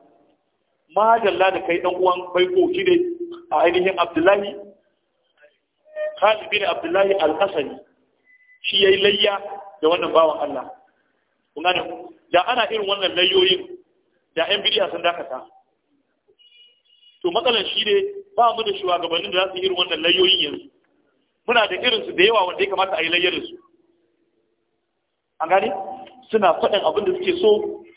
madalla da kai dan uwan baiko shi dai a ainihin Abdullahi Khalid bin Abdullahi al hasani shi yayi layya da wannan bawan Allah kun gane da ana irin wannan layyoyin da ƴan bidiya sun dakata to matsalar shi ne ba mu da shugabannin da za su irin wannan layyoyin yanzu muna da irin su da yawa wanda ya kamata a yi layyar su an gane suna faɗin abin da suke so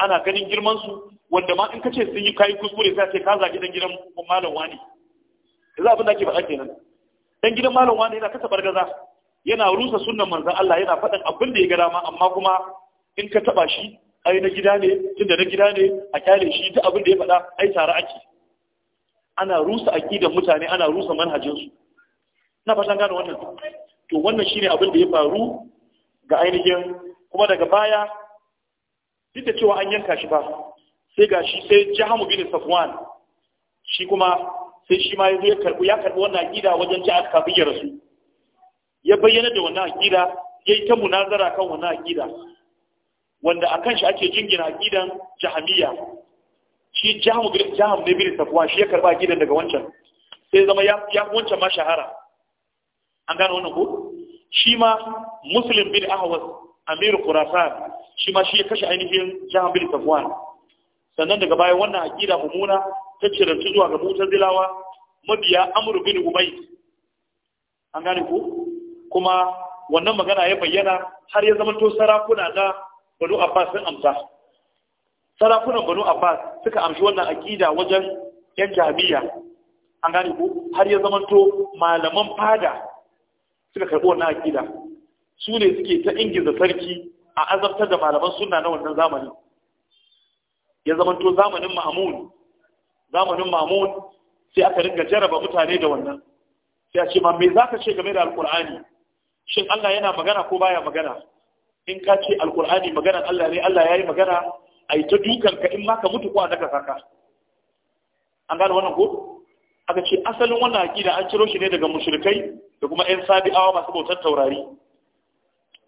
ana ganin girman su wanda ma in ka ce sun yi kayi kuskure sai ce ka zage dan gidan malam wani yanzu abin da ake faɗa kenan dan gidan malam wani yana kasa bargaza yana rusa sunnan manzon Allah yana faɗin abin da ya ga dama amma kuma in ka taba shi ai na gida ne tunda na gida ne a kyale shi duk abin da ya faɗa ai tare ake ana rusa aqidar mutane ana rusa manhajinsu na fatan gane wannan to wannan shine abin da ya faru ga ainihin kuma daga baya duk da cewa an yanka shi ba sai gashi sai jahamu bin safwan shi kuma sai shi ma ya karɓi ya karbi wannan aqida wajen ci aka kafin ya rasu ya bayyana da wannan aqida ya yi ta munazara kan wannan aqida wanda a kan shi ake jingina aqidan jahamiya shi jaham ne bin safwa shi ya karɓi aqidan daga wancan sai zama ya ya wancan ma shahara an gane wannan ko shi ma muslim bin ahwas amir khurasan shi ma shi ya kashe ainihin jaham bin safwan sannan daga bayan wannan aqida mummuna ta ciranci zuwa ga mutazilawa mabiya amru bin ubay an gane ku kuma wannan magana ya bayyana har ya zama to sarakuna na banu abbas sun amsa sarakunan banu abbas suka amshi wannan aqida wajen yan jami'a an gane ku har ya zama to malaman fada suka karbi wannan aqida su ne suke ta ingiza sarki a azabtar da malaman sunna na wannan zamani ya zamanto zamanin ma'amun zamanin ma'amun sai aka ringa jaraba mutane da wannan sai a ce ma me zaka ce game da alqur'ani shin Allah yana magana ko baya magana in ka ce alqur'ani maganar Allah ne Allah yayi magana ai ta dukan ka in ma ka mutu ko a daga saka an gane wannan ko aka ce asalin wannan akida an ciro shi ne daga mushrikai da kuma 'yan sabi'awa masu bautar taurari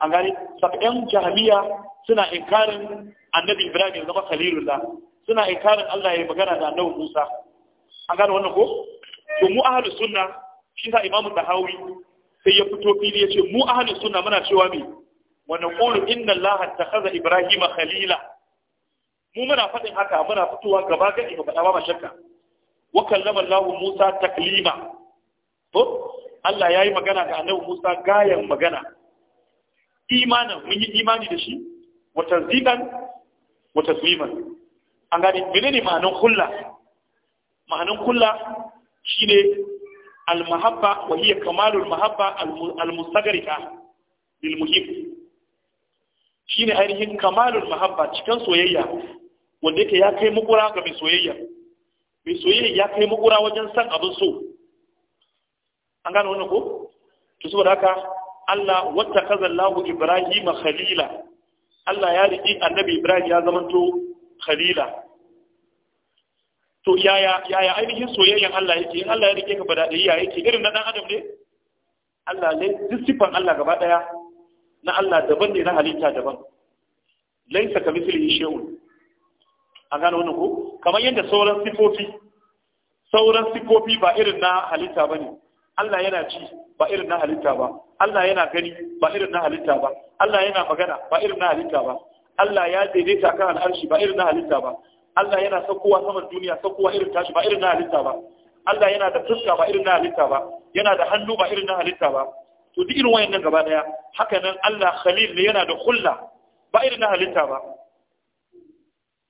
an gani saka yan jahiliya suna inkarin annabi ibrahim ya zama khalilullah suna inkarin allah ya magana da annabi musa an gani wannan ko to mu ahli sunna shi sa imamu tahawi sai ya fito fili ya ce mu ahli sunna muna cewa me wannan qulu inna allah ittakhadha Ibrahim khalila mu muna faɗin haka muna fitowa gaba gadi ba faɗa ba shakka wa kallama allah musa taklima to Allah ya yi magana ga annabi Musa gayan magana imanin mun yi imani da shi wata zidan, wata tasliman an mene menene ma'anin kulla Ma'anin kulla shine al-mahabba wa hiya kamalul mahabba al-mustagrika lil muhib shine ainihin kamalul mahabba cikan soyayya wanda yake ya kai mukura ga mai soyayya mai soyayya ya kai mukura wajen san abin so an gano wannan ko to saboda haka Allah wata kazallahu Ibrahim khalila Allah ya riƙi annabi Ibrahim ya zamanto khalila to yaya yaya ainihin soyayyen Allah yake in Allah ya rike ka bada ya yake irin na dan adam ne Allah ne duk sifan Allah gaba daya na Allah daban ne na halitta daban laisa ka mislihi shay'un an gano wannan ko kamar yadda sauran sifofi sauran sifofi ba irin na halitta bane Allah yana ci ba irin na halitta ba Allah yana gani ba irin na halitta ba Allah yana magana ba irin na halitta ba Allah ya daidaita kan al'arshi ba irin na halitta ba Allah yana sakowa saman duniya sakowa irin tashi ba irin na halitta ba Allah yana da fuska ba irin na halitta ba yana da hannu ba irin na halitta ba to duk irin wayannan gaba daya haka nan Allah khalil ne yana da khulla ba irin na halitta ba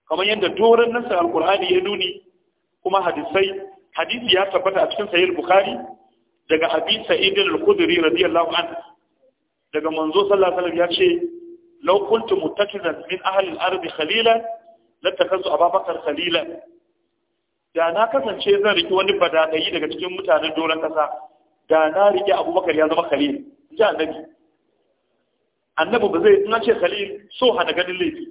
kamar yadda doron nasa alkur'ani ya nuni kuma hadisai hadisi ya tabbata a cikin sahih bukhari daga abi sa'id al-khudri radiyallahu anhu daga manzo sallallahu alaihi wasallam ya ce law kuntu muttakidan min ahli al-ardi khalilan a ababakar khalila da na kasance zan riki wani badadayi daga cikin mutanen doron kasa da na riki abubakar ya zama khalil ji annabi annabi ba zai na ce khalil so hana ganin laifi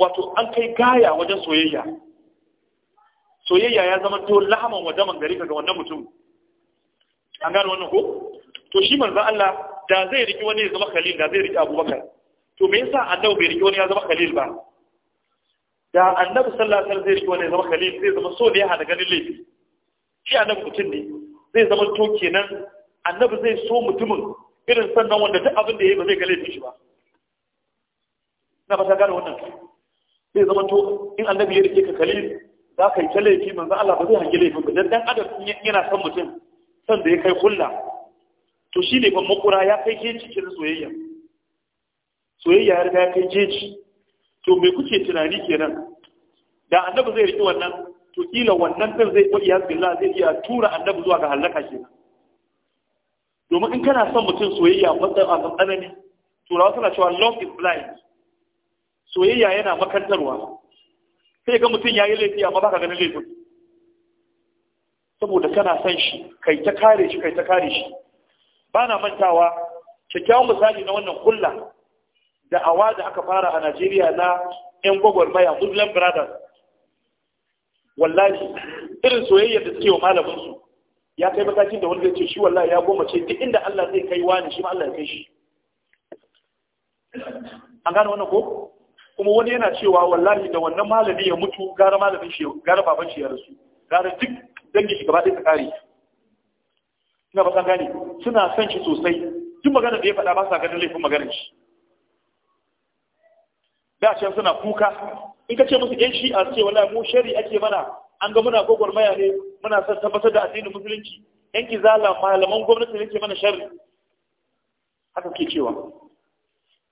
wato an kai gaya wajen soyayya soyayya ya zama to lahaman wajen mangari ga wannan mutum an gano wannan ko to shi manzo Allah da zai riki wani ya zama khalil da zai riki abubakar to me yasa annabi bai riki wani ya zama khalil ba da annabi sallallahu alaihi wasallam zai riki wani ya zama khalil zai zama so ne ya hada ganin laifi shi annabi mutum ne zai zama to kenan annabi zai so mutumin irin sannan wanda duk abin da ya yi ba zai ga laifin shi ba na ba ta gane wannan zai zama to in annabi ya rike ka khalil za ka yi ta laifi manzo Allah ba zai hangi laifin ba dan adam yana son mutum Sanda da ya kai kulla to shi ne makura ya kai keji cikin soyayya soyayya ya riga ya kai jeji to me kuke tunani kenan da annabi zai riki wannan to kila wannan din zai wa iyaz billah zai iya tura annabi zuwa ga halaka kenan domin in kana son mutum soyayya matsayin a tsanani turawa suna cewa love is blind soyayya yana makantarwa sai ga mutum ya yi laifi amma baka ganin laifin saboda kana son shi kai ta kare shi kai ta kare shi ba na mantawa kyakkyawan misali na wannan kulla da awa da aka fara a Najeriya na 'yan gwagwarmaya Muslim Brothers wallahi irin soyayyar da suke wa malaminsu ya kai matakin da wani zai ce shi wallahi ya goma ce duk inda Allah zai kai wani shi ma Allah ya kai shi an gane wannan ko kuma wani yana cewa wallahi da wannan malami ya mutu gara malamin shi gara baban shi ya rasu gara duk dangin shi gaba ɗaya ta kare suna ba san gane suna son shi sosai duk maganar da ya faɗa ba sa ganin laifin maganar shi da can suna kuka in ka ce musu shi a ce wala mu shari ake mana an ga muna maya ne muna son tabbatar da addinin musulunci yan zala malaman gwamnati ne ke mana shari haka ke cewa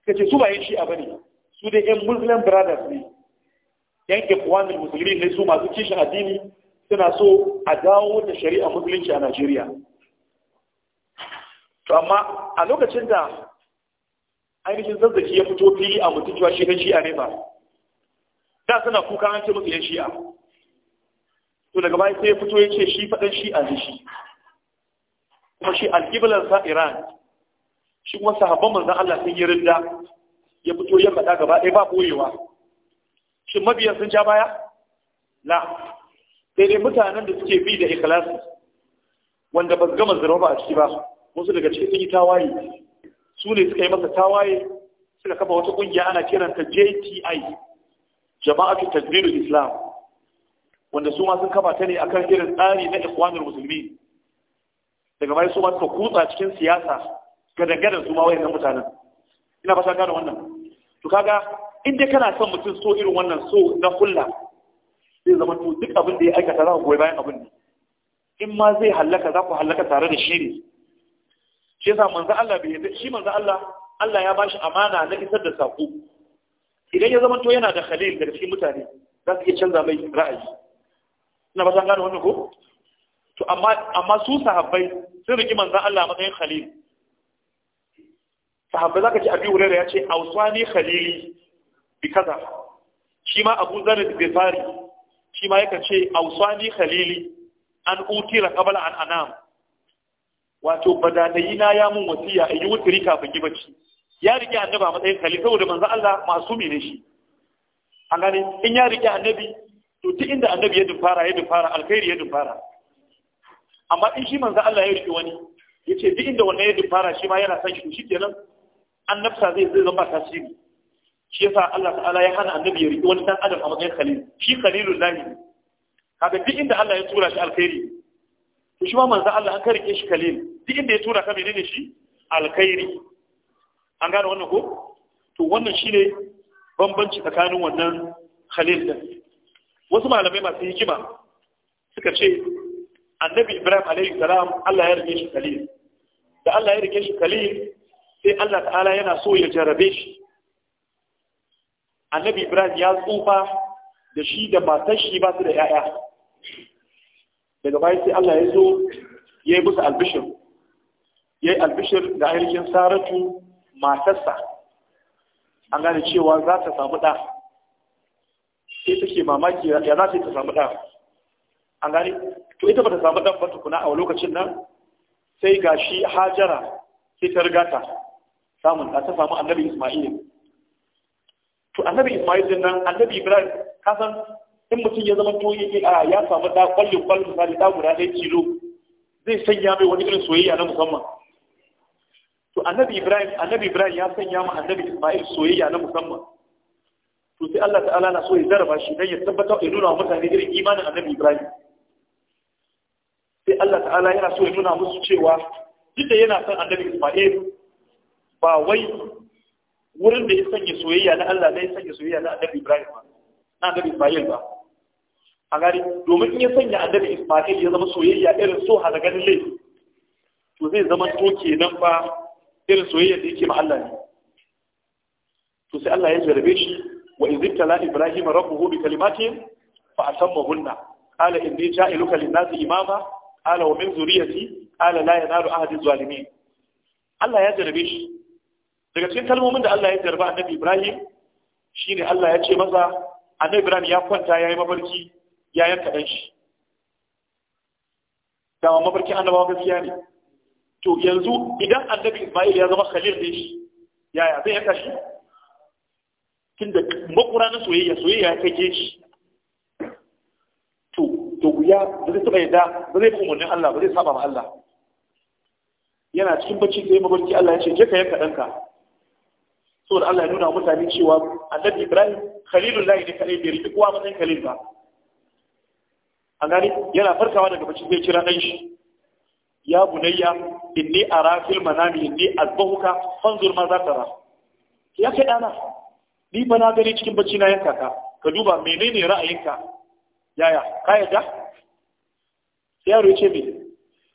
ka ce su ba yan shi'a bane su dai yan muslim brothers ne yan ikwanin musulmi ne su masu kishin addini suna so a dawo da shari'a musulunci a Najeriya to amma a lokacin da ainihin zazzaki ya fito fili a mutum cewa shi dan shi'a ne ba da suna kuka an ce musu yan shi'a to daga baya sai ya fito ya ce shi faɗan shi'a ne shi kuma shi alƙiblar sa Iran shi kuma sahabban manzon Allah sun yi rinda ya fito ya faɗa gaba ɗaya ba ɓoyewa? shin mabiyan sun ja baya la sai dai mutanen da suke bi da ikhlasi wanda ba su gama zira ba a ciki ba wasu daga cikin sun yi tawaye su ne suka yi masa tawaye suka kafa wata kungiya ana kiranta JTI Jama'atu Tajdirul Islam wanda su ma sun kafa ta ne akan irin tsari na Ikhwanul Muslimin daga bayan su ma suka kutsa cikin siyasa ga dangaren su ma wayannan mutanen ina fata gane wannan to kaga in dai kana son mutum so irin wannan so na kulla zai zama to duk abin da ya aikata za ku goyi bayan abin ne in ma zai hallaka za ku hallaka tare da shi ne shi yasa manzo Allah bai yadda shi manzo Allah Allah ya bashi amana na isar da sako idan ya zama to yana da khalil da cikin mutane za su iya canza mai ra'ayi ina ba san gane wannan ko to amma amma su sahabbai sun riki manzo Allah matsayin khalil sahabbai zaka ji Abi Hurairah ya ce auswani khalili bi kaza shi ma Abu zarri bin Fari shi ma yakan ce auswani khalili an utira qabla an anam wato badadayi na ya mun wasiya a yi wutiri kafin ki bacci ya rike annaba a matsayin khalil saboda manzo Allah masumi ne shi an gane in ya rike annabi to duk inda annabi ya dufara ya dufara alkhairi ya dufara amma in shi manzo Allah ya rike wani yace duk inda wannan ya dufara shi ma yana san shi kenan annabsa zai zai zama tasiri shi yasa Allah ta'ala ya hana annabi ya riƙe wani dan adam a matsayin khalil shi khalilul lahi kaga duk inda Allah ya tura shi alkhairi to shi ma manzo Allah an karike shi khalil duk inda ya tura ka menene shi alkhairi an gane wannan ko to wannan shine bambanci tsakanin wannan khalil din wasu malamai masu hikima suka ce annabi Ibrahim alaihi salam Allah ya rike shi khalil da Allah ya rike shi khalil sai Allah ta'ala yana so ya jarabe shi annabi ibrahim ya tsufa da shi da matan shi ba su da 'ya'ya daga bayan sai Allah ya zo ya yi musu albishir ya yi albishir da ainihin saratu matarsa an gane cewa za ta samu ɗa sai take mamaki ya za ta samu ɗa an gane to ita ba ta samu ɗan ba tukuna a lokacin nan sai ga shi hajara sai ta rigata samun ta samu annabi ismail to annabi Ismail din nan annabi Ibrahim ka san in mutum ya zama to yake a ya samu da kwallin kwal misali da guda ɗaya kilo zai sanya mai wani irin soyayya na musamman to annabi Ibrahim annabi Ibrahim ya sanya ma annabi Ismail soyayya na musamman to sai Allah ta'ala na so ya jarraba shi dan ya tabbatar ya nuna wa mutane irin imanin annabi Ibrahim sai Allah ta'ala yana so ya nuna musu cewa duk da yana son annabi Ismail ba wai wurin da ya sanya soyayya na Allah ne ya sanya soyayya na annabi Ibrahim ba na annabi Ismail ba a gari domin in ya sanya annabi Ismail ya zama soyayya irin so hada ganin laifi to zai zama to kenan ba irin soyayya da yake ma Allah ne to sai Allah ya jarabe shi wa idh tala Ibrahim rabbuhu bi kalimatin fa atammahunna qala inni ja'iluka lin-nasi imama qala wa min zurriyyati qala la yanalu ahadi zalimin Allah ya jarabe shi daga cikin kalmomin da Allah ya jarba annabi Ibrahim shine Allah ya ce masa annabi Ibrahim ya kwanta ya yi mafarki ya yanka dan shi dama mafarki annabawa gaskiya ne to yanzu idan annabi Ismail ya zama khalil din shi yaya zai yanka shi tunda makura na soyayya soyayya ya kai shi to to ya ba zai taba yadda ba zai fi umarnin Allah ba zai saba ma Allah yana cikin bacci sai mabarki Allah ya ce je ka yanka danka da Allah ya nuna mutane cewa annabi Ibrahim khalilullahi ne kadai bai rike kowa matsayin khalil ba an gani yana farkawa daga bacci zai kira dan shi ya bunayya inni ara fil manami inni azbahuka fanzur ma za tara ya kai dana ni ba na gani cikin bacci na yanka ka ka duba menene ra'ayinka yaya ka yadda sai yaro ya ce me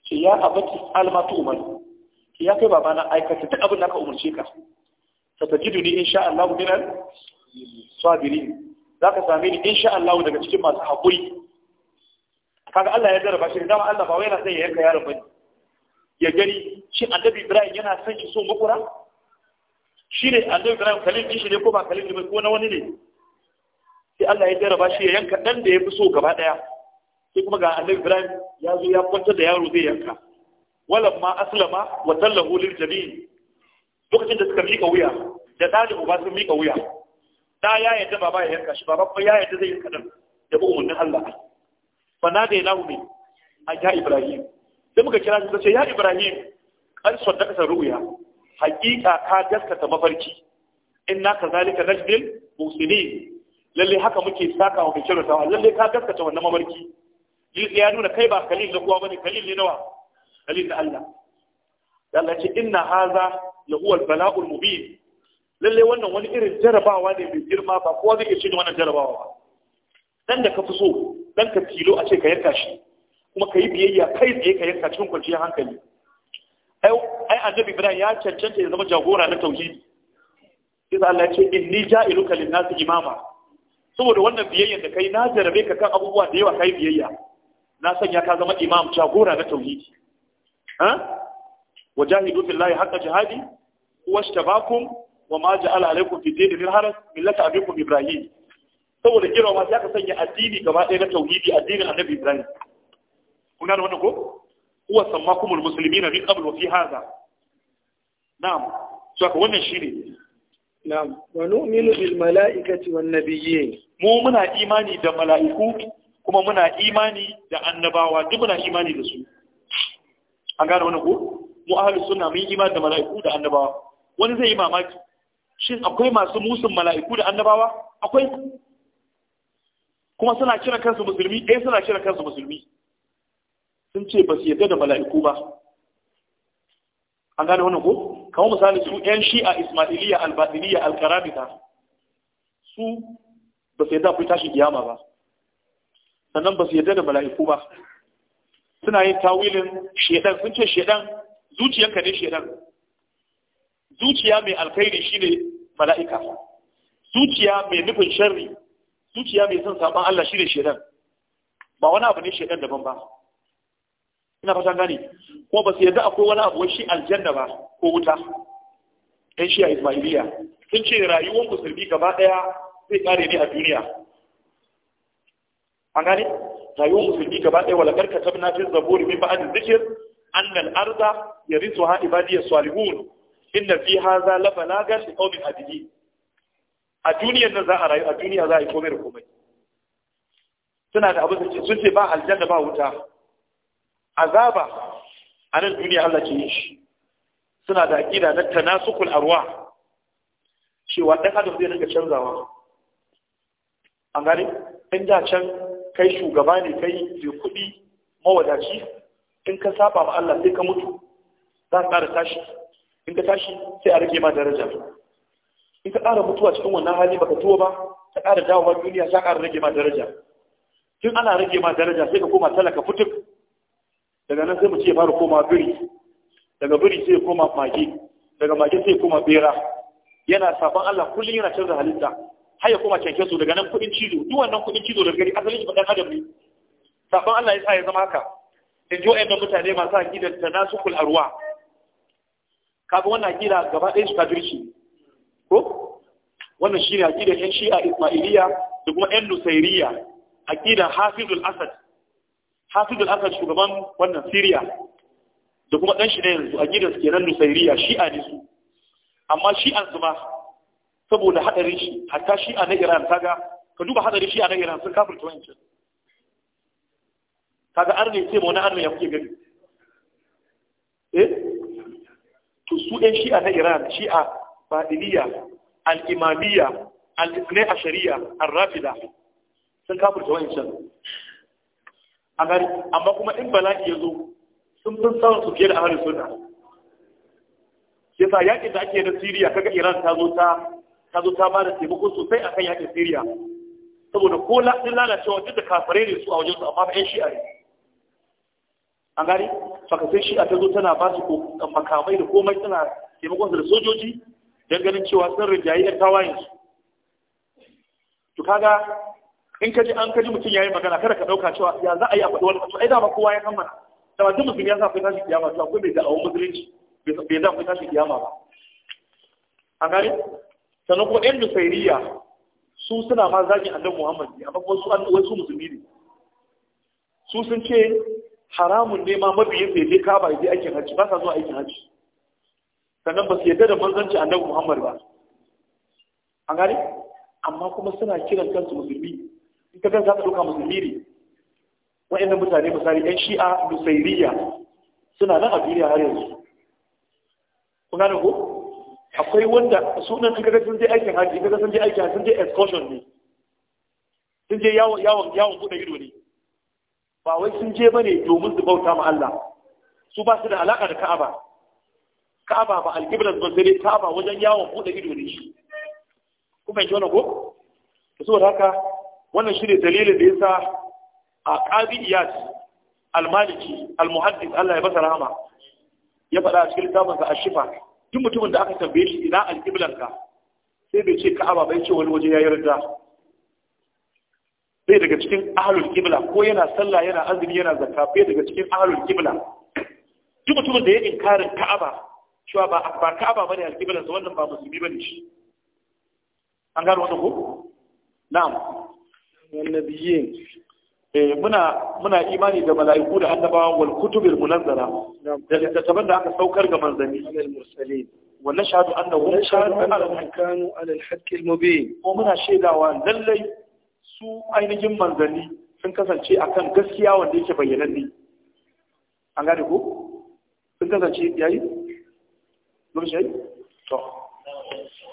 ce ya abati almatu umar ya kai babana aikata duk abin da aka umarce ka satajiduni insha Allah min al-sabirin zaka same ni insha Allah daga cikin masu hakuri kaga Allah ya jarraba shi dama Allah ba wai yana son ya yanka yaron bane ya gani shin Annabi Ibrahim yana son shi so makura shi ne Annabi Ibrahim kalin din shi ne ko ba kalin din ko na wani ne sai Allah ya jarraba shi ya yanka dan da ya fi so gaba daya sai kuma ga Annabi Ibrahim ya zo ya kwantar da yaro zai yanka ma aslama wa tallahu lil jabin lokacin da suka mika wuya da ɗa ba uba sun mika wuya ɗa ya yadda baba ya yanka shi baba kuma ya yadda zai yanka ɗan da ba umarnin Allah fa na da yana mai a ya Ibrahim da muka kira shi ta ce ya Ibrahim an sadda kasar ru'uya hakika ka gaskata mafarki inna kazalika najdil muslimin lalle haka muke saka wa bikin ta lalle ka gaskata wannan mamarki lil ya nuna kai ba kalil da kowa bane kalil ne nawa kalil da Allah Allah ce inna haza lahuwal bala'ul mubin lalle wannan wani irin jarabawa ne mai girma ba kowa zai iya cin wannan jarabawa ba dan da ka fi so dan ka tilo a ce ka yanka shi kuma ka yi biyayya kai tsaye ka yanka cikin kwanciyar hankali ai annabi ibrahim ya cancanta ya zama jagora na tauhidi sai Allah ya ce inni ja'iluka lin-nasi imama saboda wannan biyayya da kai na jarabe ka kan abubuwa da yawa kai biyayya na sanya ka zama imam jagora na tauhidi wajahidu fillahi haqqa jihadi wa wama ja'ala alaykum fi dini min haraj millata abikum ibrahim saboda kira ma sai aka sanya addini gaba ɗaya na tauhidi addinin annabi ibrahim kun gane wannan ko huwa sammakumul muslimina min qabl wa fi hadha na'am so ka wannan shine na'am wa nu'minu bil mala'ikati wan nabiyyin mu muna imani da mala'iku kuma muna imani da annabawa duk muna imani da su an gane wannan ko mu ahli sunna mun imani da mala'iku da annabawa wani zai yi mamaki shin akwai masu musun mala'iku da annabawa akwai kuma suna kira kansu musulmi eh suna kira kansu musulmi sun ce ba su yadda da mala'iku ba an gane wannan ko kawo misali su yan shi'a al-badiliya al karabita su ba su yadda ku tashi kiyama ba sannan ba su yadda da mala'iku ba suna yin tawilin shedan sun ce shedan zuciyanka ne shedan zuciya mai alkhairi shine mala'ika zuciya mai nufin sharri zuciya mai son saban Allah shine shedan ba wani abu ne shedan daban ba ina fatan gani. ko ba su yadda akwai wani abu shi aljanna ba ko wuta ɗan shi a ismailiya sun ce rayuwar musulmi gaba ɗaya zai ƙare ne a duniya an gane rayuwar musulmi gaba ɗaya wala karkata na fi zabori min ba'adin zikir annal arda yarithuha ibadiy salihun inna fi hadha la balagan li qaumin adidi a duniyar nan za a rayu a duniya za a yi komai da komai suna da abin sun ce ba aljanna ba wuta azaba a nan duniya Allah ke yin shi suna da aƙida na tanasukul arwa cewa ɗan adam zai rinka canzawa an gane in da can kai shugaba ne kai mai kuɗi mawadaci in ka saba wa Allah sai ka mutu za ka ƙara tashi in ka tashi sai a rage ma daraja in ka ƙara mutuwa cikin wannan hali baka tuwo ba ka ƙara dawowa duniya sai ƙara rage ma daraja tun ana rage ma daraja sai ka koma talaka fituk daga nan sai mu ce fara koma biri daga biri sai koma mage daga mage sai koma bera yana saban Allah kullum yana canza halitta har ya koma su daga nan kuɗin cizo duk wannan kuɗin cizo daga gari asalin shi ba ɗan adam ne saban Allah ya sa ya zama haka in ji wa'annan mutane masu aƙidar tanasukul arwa kaga wannan aƙida gaba ɗaya su kafirci ko wannan shi ne aƙidar yan shi'a ismailiya da kuma yan nusairiya aƙidar hafizul asad hafizul asad shugaban wannan siriya da kuma ɗan shi ne yanzu aƙidar su nan nusairiya shi'a ne su amma shi'an su ma saboda haɗarin shi hatta shi'a na iran kaga ka duba haɗarin shi'a na iran sun kafirta wancan kaga arne ce ma wani arne ya kuke gani eh to su ɗan shi'a na iran shi'a fadiliya al-imamiyya al-isnai ashariya ar-rafida sun kafirta wa'ancan a gari amma kuma in bala'i ya zo sun fi samun su fiye da ahalin sunna yasa yakin da ake na siriya kaga iran ta zo ta ta zo ta bada taimako sosai akan yaƙin siriya saboda ko lalacewa duk da kafare ne su a wajen su amma fa shi'a ne an gari saka sai shi a ta zo tana ba su makamai da komai tana taimakon su da sojoji don ganin cewa sun rinjaye yan tawayen su to kaga in ka ji an kaji mutum yayi magana kada ka dauka cewa ya za a yi a faɗi wani to ai dama kowa ya kammala da ba duk mutum ya sa kai tashi kiyama to akwai bai da awon musulunci bai da kai tashi kiyama ba a gari sannan kuma yan nusairiya su suna ma zagin annabi muhammad ne amma kuma su an wasu musulmi ne su sun ce haramun ne ma mabiyin sai je kaba ya je aikin hajji ba sa zuwa aikin hajji sannan ba su yadda da manzanci annabi Muhammad ba an gane amma kuma suna kiran kansu musulmi ita kan za ta ɗauka musulmi ne wa'annan mutane misali yan shi'a nusairiya suna nan a duniya har yanzu kun gane ko akwai wanda sunan sun kaga sun je aikin hajji kaga sun je aikin sun je excursion ne sun je yawon yawon yawon buɗe ido ne ba wai sun je ba ne domin su bauta ma Allah su ba su da alaka da Ka'aba Ka'aba ba alqibla ba sai Ka'aba wajen yawon bude ido ne shi ku fahimci wannan ko saboda haka wannan shine dalilin da yasa a qadiyat al-maliki al-muhaddith Allah ya basa rahama ya faɗa a cikin littafin sa ashifa duk mutumin da aka tambaye shi ina ka sai bai ce Ka'aba bai ce wani waje ya yarda. bai daga cikin ahalul kibla ko yana sallah yana azumi yana zakka bai daga cikin ahalul kibla duk mutumin da ya inkarin ka'aba cewa ba ba ka'aba bane alkiblan sa wannan ba musulmi bane shi an gano wannan ko na'am wan nabiyyin eh muna muna imani da mala'iku da annabawa wal kutubil munazzara da littattafan da aka saukar ga manzanni al mursalin wa nashhadu annahum kanu ala al-haqqi al-mubin ko muna shaidawa lallai su ainihin manzanni sun kasance akan gaskiya wanda yake bayyananne an gane ko sun kasance shi ya yi to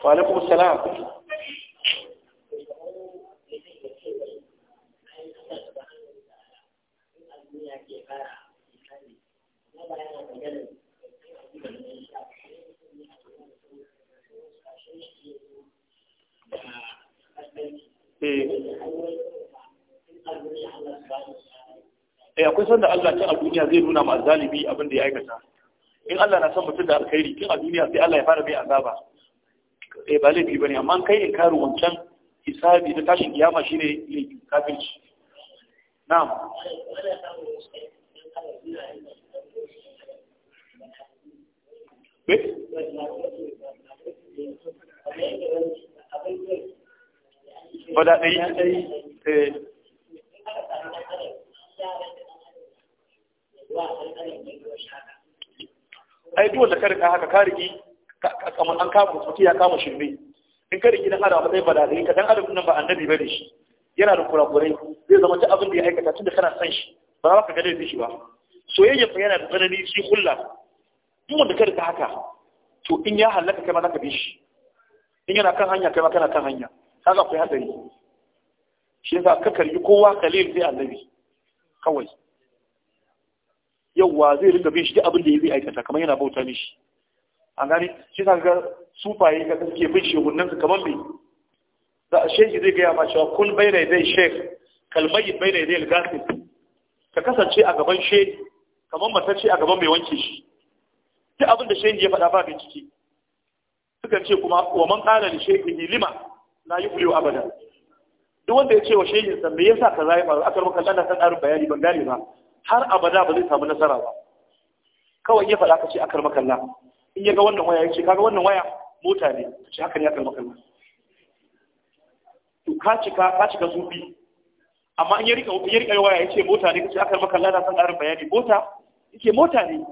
wa alaikum salam Thank you. Eh. eh akwai sanda Allah ta a duniya zai nuna ma zalibi abin da ya aikata in Allah na san mutum da alkhairi kin a duniya sai Allah ya fara mai azaba eh ba laifi ba ne, amma kai in karu wancan hisabi da tashin kiyama shine ne kafirci na'am eh Bada ɗai? Eh. Ai, duwanda ka rika haka ka riki, kamar an kama mutu ya kama shirme. In ka riki dan adam matsayin bada ɗai, ka don adam nan ba annabi ba da shi. Yana da kurakurai, zai zama duk abin da ya aikata tun da kana san shi, ba za ka ga shi ba. Soyayya fa yana da tsanani shi kulla. Duwanda ka rika haka, to in ya hallaka kai ma za ka bi shi. In yana kan hanya kai ma kana kan hanya. kaga akwai hadari shi yasa ka karbi kowa kalil sai annabi kawai yawa zai rinka bin shi duk abin da ya zai aikata kamar yana bauta mishi an gani shi yasa ga sufaye ga suke bin shegunan su kamar me da shehi zai gaya ma cewa kun bayyana dai shek kalmayin bayyana dai gasin ka kasance a gaban shehi kamar matacce a gaban mai wanke shi duk abin da shehi ya faɗa ba bincike sukan ce kuma wa man ƙara da shehi lima Na yi yuqliu abada. duk wanda ya ce wa shehin san me yasa kaza ya faru aka maka Allah san karin bayani ban gane ba har abada ba zai samu nasara ba kawai ya faɗa ka ce akar maka Allah in ya ga wannan waya ya ce kaga wannan waya mota ne ka ce hakan ya akar maka Allah to ka cika ka cika zubi amma in ya rika ya rika waya ya ce mota ne ka ce akar maka Allah na san karin bayani mota yake mota ne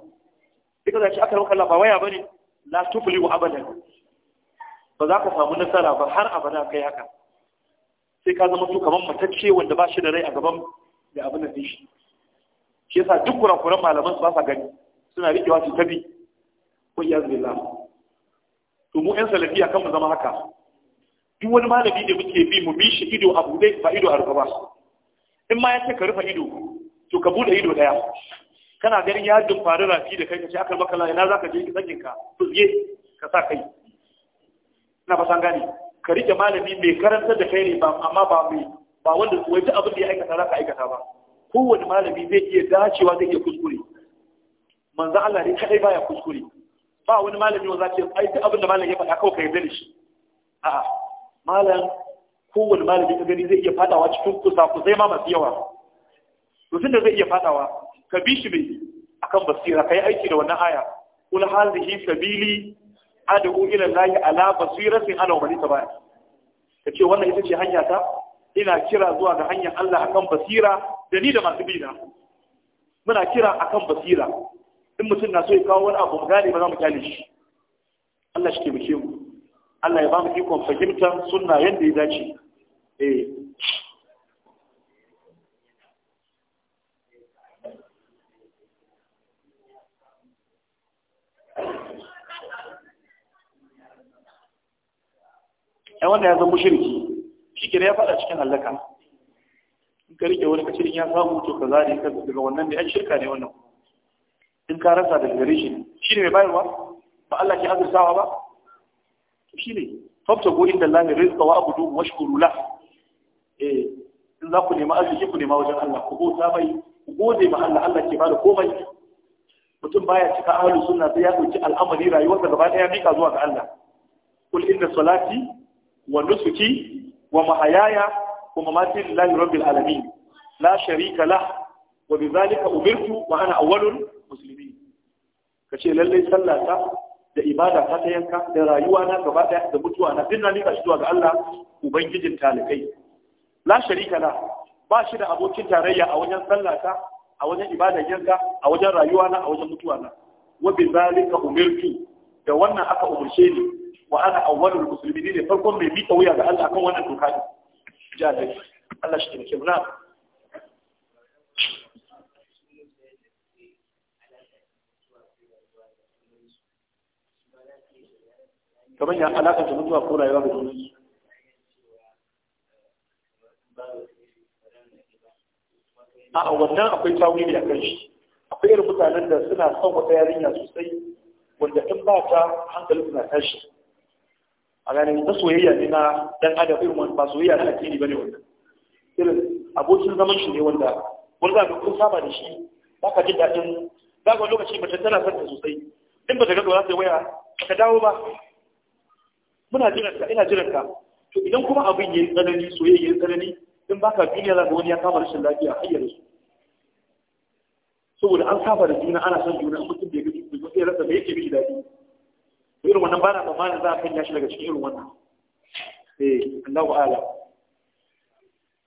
sai ka ce akar maka Allah ba waya bane la tuflihu abadan ba za ka samu nasara ba har abada kai haka sai ka zama su kamar matacce wanda ba shi da rai a gaban da abin da shi shi yasa duk kurakuran malaman su ba sa gani suna rike wasu tabi ko iya zubila to mu yan salafiya kan mu zama haka duk wani malami da muke bi mu bi shi ido a buɗe ba ido a rufa in ma ya ce ka rufa ido to ka bude ido daya kana ganin ya dumfari rafi da kai ka ce aka maka ina za ka je sakin ka fuzge ka sa kai ina fatan gane ka rike malami mai karanta da kai ne ba amma ba mai ba wanda su duk abin da ya aikata za ka aikata ba kowane malami zai iya dacewa zai iya kuskure manzan Allah ne kadai baya kuskure ba wani malami wanda zai ai duk abin da malami ya faɗa kawai ka yarda da shi a'a malam kowane malami ka gani zai iya fadawa cikin kusa kusai ma masu yawa to tunda zai iya fadawa ka bi shi mai akan basira kai aiki da wannan aya kul hadhihi sabili adu ila lahi ala basiratin ana wa ta baya ce wannan ita ce hanya ta ina kira zuwa ga hanyar Allah akan basira da ni da masu bi na muna kira akan basira in mutum na so ya kawo wani abu gane ba za mu kyale shi Allah shi ke mu Allah ya ba mu ikon fahimtar sunna yadda ya dace eh ai wanda ya zama mushirki shi ya faɗa cikin halaka in ka rike wani kacirin ya samu to ka zare ka daga wannan da ya shirka ne wannan in ka rasa daga gare shi shi ne mai bayarwa ba Allah ke azurtawa ba shi ne fafta go inda Allah ne rizqa wa abudu wa shukuru la eh in za ku nema azuki ku nema wajen Allah ku bauta bai ku gode ma Allah Allah ke bada komai mutum baya cika ahlus sunna sai ya dauki al'amari rayuwarsa gaba daya mika zuwa ga Allah kul inna salati wa nusuki wa mahayaya wa mamati lillahi rabbil alamin la sharika lah wa bidhalika umirtu wa ana awwalul muslimin kace lalle sallata da ibada ta ta yanka da rayuwa na gaba daya da mutuwa na dinna ni kashi zuwa ga Allah ubangijin talikai la sharika la ba shi da abokin tarayya a wajen sallata a wajen ibadar yanka a wajen rayuwa na a wajen mutuwa na wa zalika umirtu da wannan aka umurce ni وانا اول المسلمين اللي فكم من 100 ويا ده الله اكون وانا كل حاجه جاهز الله يشتمك يا بنات كمان يا علاقه المتوقع كورا يا رب a wannan akwai tawili da kanshi akwai rubutan da suna son wata yarinya sosai wanda in ba ta hankali suna tashi a gane ta soyayya ne na dan adam irin wani ba soyayya na addini bane wannan irin abokin zaman shi ne wanda wani za ka kun saba da shi ba ka jin daɗin za ka lokaci ba ta tana son ta sosai in ba ta gaza za ta yi waya ka dawo ba muna jiran ka ina jiran ka to idan kuma abin yayi tsanani soyayya yayi tsanani in ba ka duniya za ka wani ya kama rashin lafiya hayyar su saboda an saba da juna ana son juna in mutum bai gaji bai rasa me yake bi daɗi irin wannan ba na tsammanin za a kanya shi daga cikin irin wannan eh Allahu a'lam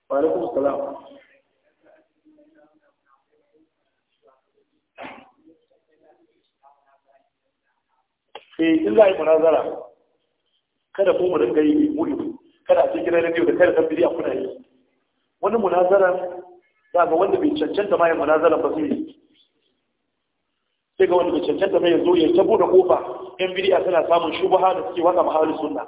wa alaikum salam eh in za a yi munazara kada ko mu da kai mu'min kada a ce gidan radio da kada tabbiri a kuna yi wani munazara za ga wanda bai cancanta ma yin munazara ba su yi sai ga wanda cancanta mai yanzu ya ta da kofa yan bidi'a suna samun shubaha da suke waka mahalin sunna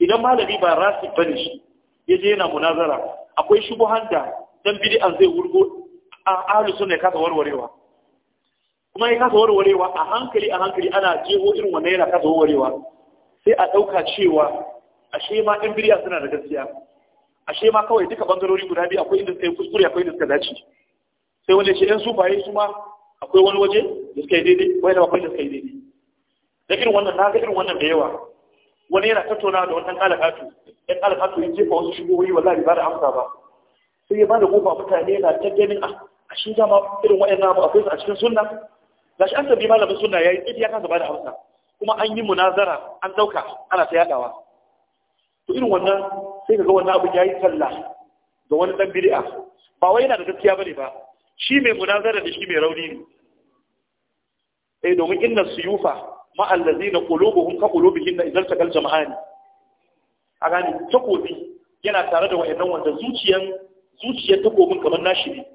idan malami ba rasib bane shi ya je yana munazara akwai shubuhan da dan an zai wurgo a ahlus sunna ya kasa warwarewa kuma ya kasa warwarewa a hankali a hankali ana jeho irin wannan yana kasa warwarewa sai a dauka cewa ashe ma yan bidi'a suna da gaskiya ashe ma kawai duka bangarori guda biyu akwai inda suka yi kuskure akwai inda suka dace sai wanda ce yan baye su ma akwai wani waje da suka yi daidai wani da akwai da suka yi daidai da irin wannan na ga irin wannan da yawa wani yana tattauna da wannan alakatu ɗan alakatu ya jefa wasu shigohi wallahi ba da amsa ba sai ya ba da kofa mutane na ta ganin ah, a shi zama irin waɗannan abu akwai su a cikin sunna gashi an tabbi malamin sunna yi idi ya kasa ba da amsa kuma an yi munazara an ɗauka, ana ta yaɗawa. to irin wannan sai ka ga wannan abu yi talla ga wani ɗan bid'a ba wai yana da gaskiya bane ba shi mai munazara da shi mai rauni ne eh domin inna suyufa ma allazina qulubuhum ka qulubihim na idan takal jama'ani a gani takobi yana tare da wayannan wanda zuciyan zuciyar takobin kamar nashi ne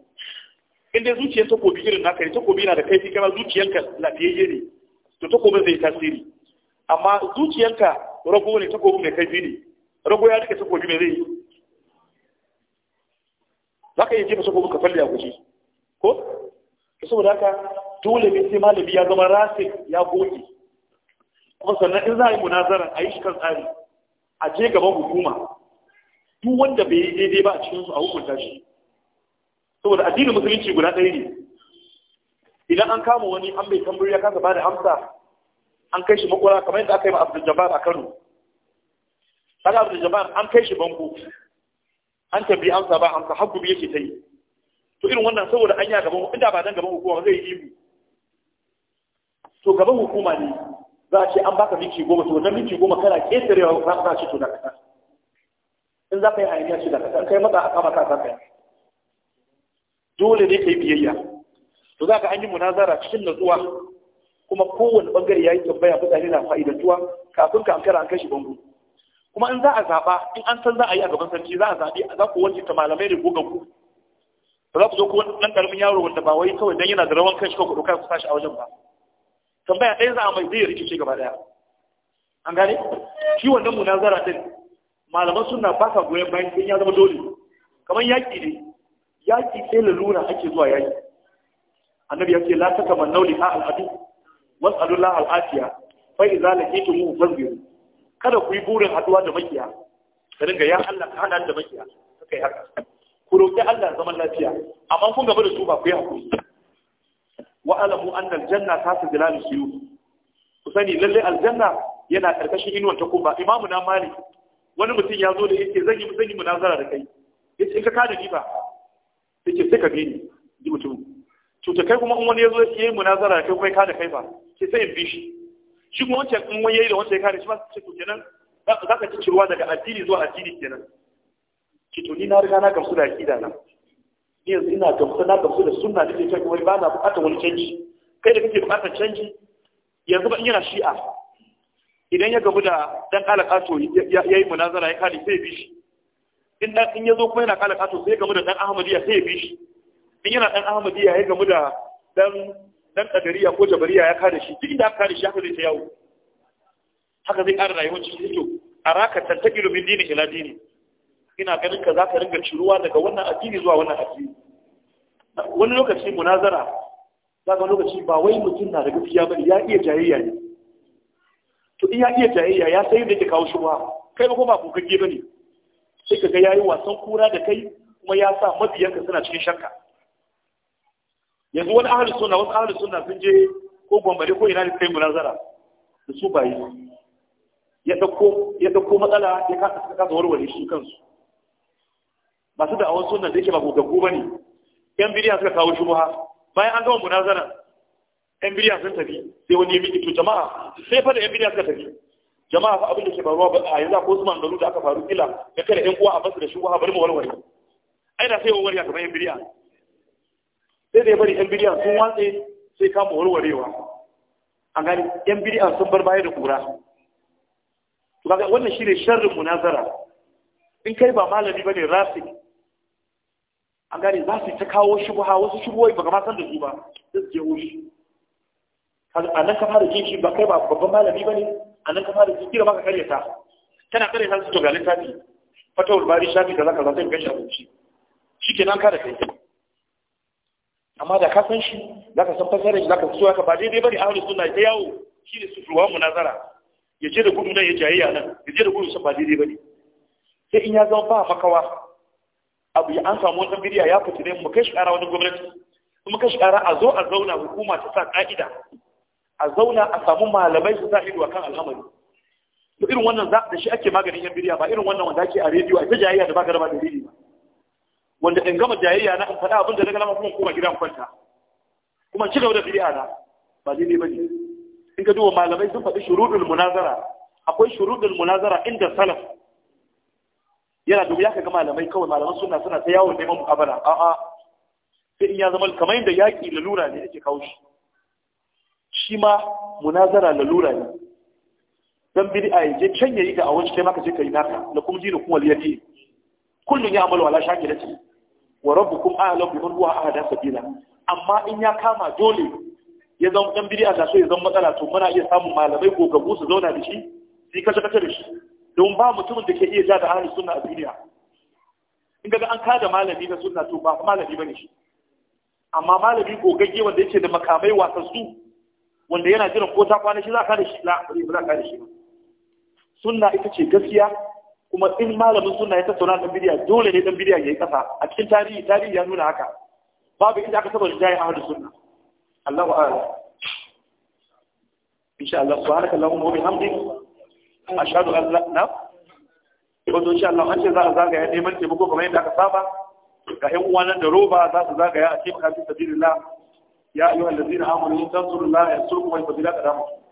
in dai zuciyar takobi irin naka ne takobi yana da kaifi kamar zuciyarka lafiyayye ne to takobin zai tasiri amma zuciyarka rago ne takobi mai kaifi ne rago ya rike takobi mai zai yi za ka iya jefa takobin ka falle a guji ko saboda haka dole ne sai malami ya zama rasik ya goge kuma sannan in za a yi munazara a yi shi kan tsari a je gaban hukuma duk wanda bai yi daidai ba a cikinsu a hukunta shi saboda addinin musulunci guda ɗaya ne idan an kama wani an bai tambari ya kasa bada amsa an kai shi makwara kamar yadda aka yi ma abdul jabbar a kano kaga abdul jabbar an kai shi bango an tambayi amsa ba amsa har gobe yake ta yi to irin wannan saboda an yi gaban inda ba dan gaban hukuma zai yi ihu to gaban hukuma ne za a ce an baka minti goma to wannan minti goma kana ƙetarewa za ka ce to da kasa in za ka yi hayaniya ce da kasa in kai matsa a kama ka ka kai. dole ne ka yi biyayya to za ka an yi munazara cikin natsuwa kuma kowane bangare ya yi tambaya mutane na fa'idantuwa kafin ka ankara an kashi bango kuma in za a zaɓa in an san za a yi a gaban sarki za a zaɓi za ku wanke ta malamai ne ko ku ba za ku zo kuma ɗan ƙaramin yaro wanda ba wai kawai dan yana da rawan kan shi ko ku ɗauka ku sashi a wajen ba tambaya ɗaya za a mai zai rikice gaba ɗaya an gane shi wannan munazara ɗin malaman suna ba ka goyon bayan sai ya zama dole kamar yaƙi ne yaƙi sai lalura ake zuwa yaƙi annabi ya ce la takamannu li al al'adu was'alu la al-afiya fa idza mu fasbiru kada ku yi burin haduwa da makiya ka dinga ya Allah ka hada da makiya kai haka ku roƙi Allah zaman lafiya amma kun gaba da su ba ku yi hakuri wa alamu anna aljanna ta su zilalu siyu ku sani lalle aljanna yana karkashin inuwan takuba imamu na malik wani mutum ya zo da yake zan yi zan yi munazara da kai yace in ka kada ni ba yace sai ka bi ni ji mutum cuta kai kuma in wani ya zo ya yi munazara da kai kuma kai kada kai ba sai sai in bi shi shi kuma wancan in wani ya yi da wancan ya kada shi ba sai ku kenan za ka ci ruwa daga addini zuwa addini kenan ki to ni na riga na gamsu da aqida na ni yanzu ina gamsu na gamsu da sunna da ke kai wai ba na bukatar wani canji kai da kake buƙatar canji yanzu ba yana shi'a idan ya gabu da dan kalakato ya yi munazara ya kali sai bi shi in dan in yazo kuma yana kalakato sai gamu da dan ahmadiyya sai bi shi in yana dan ahmadiyya ya gamu da dan dan kadariya ko jabariya ya kare shi duk inda aka kare shi haka zai ta yawo haka zai ƙara rayuwar cikin a araka tantakilu min dini ila dini ina ganin ka za ka ringa ciruwa daga wannan addini zuwa wannan addini wani lokaci munazara za ka lokaci ba wai mutum na da gaskiya ba ya iya jayayya ne to in ya iya jayayya ya sai da ke kawo shubha kai ba kuma ba kokage bane sai ka ga yayi wasan kura da kai kuma ya sa mabiyanka suna cikin shakka yanzu wani ahli sunna wasu ahli sunna sun je ko gwambare ko ina ne kai munazara da su ba ya dauko ya ɗauko matsala ya kasa kasa warware su kansu masu awon sunan da yake ba gaggu bane yan bidiya suka kawo shubha bayan an gama munazara yan bidiya sun tafi sai wani ya miƙe to jama'a sai fa da yan bidiya suka tafi jama'a fa abin da ke faruwa a yanzu akwai Usman Garu da aka faru kila da kare yan uwa a basu da shubha bari mu warware ai da sai warware kamar yan bidiya sai da ya bari yan bidiya sun watse sai kama warwarewa a gani yan bidiya sun bar baya da kura to kaga wannan shine sharrin munazara in kai ba malami bane rasik an gane za su ta kawo buha wasu buwai baka ma da su ba sai su jeho shi a nan ka fara jin ba kai ba babban malami ba ne a nan ka fara jin da maka karyata tana karyata su to ga littafi fatawar bari shafi kaza kaza sai ka shi abinci shi ke nan kada kai amma da ka san shi za ka san fasarar shi za ka so ka ba daidai ba ne a wani suna ta yawo shi ne mu munazara ya je da gudu nan ya jayayya nan ya je da gudu sun ba daidai ba ne sai in ya zama ba makawa abu ya an samu wata bidiya ya fita ne mu kai shi ƙara wani gwamnati kuma kai shi ƙara a zo a zauna hukuma ta sa ƙa'ida a zauna a samu malamai su sa ido a kan al'amari to irin wannan za da shi ake maganin yan bidiya ba irin wannan wanda ake a rediyo a ta jayayya da ba da ba da rediyo wanda in gama jayayya na in faɗa abin da na gama kuma koma gidan kwanta kuma ci gaba da bidiya na ba daidai ba ne in ka duba malamai sun faɗi shuruɗul munazara akwai shuruɗul munazara inda salaf yana dubu ya kaga malamai kawai malaman suna suna ta yawon neman mukabala a'a sai in ya zama kamar yadda yaƙi lalura ne yake kawo shi shi ma munazara lalura ne dan biri ya je can yayi da awon kai maka je kai naka la kum jinu kuma wal yadi kullun ya amalu ala shakilati wa rabbukum a'lamu bi man huwa ahada sabila amma in ya kama dole ya zama dan a da so ya zama matsala to muna iya samun malamai ko gabu su zauna da shi sai kace kace da shi don ba mutumin da ke iya ja da ahlus sunna a duniya in ga an kada malami na sunna to ba malami bane shi amma malami ko gagge wanda yake da makamai wasassu wanda yana jiran ko ta kwana shi za ka da shi la ba za ka da shi sunna ita ce gaskiya kuma in malamin sunna ya tattauna dan bidiya dole ne dan bidiya yi kasa a cikin tarihi tarihi ya nuna haka babu inda aka saba rijaya ahlus sunna Allahu a'lam insha Allah subhanaka Allahumma wa bihamdika ashhadu an la na wato insha Allah an ce za a zagaya neman taimako kamar yadda aka saba ga ƴan uwa nan da roba za su zagaya a cikin kafin sabilillah ya ayyuhal ladzina amanu in tansurullaha yansurkum wa yuthabbit aqdamakum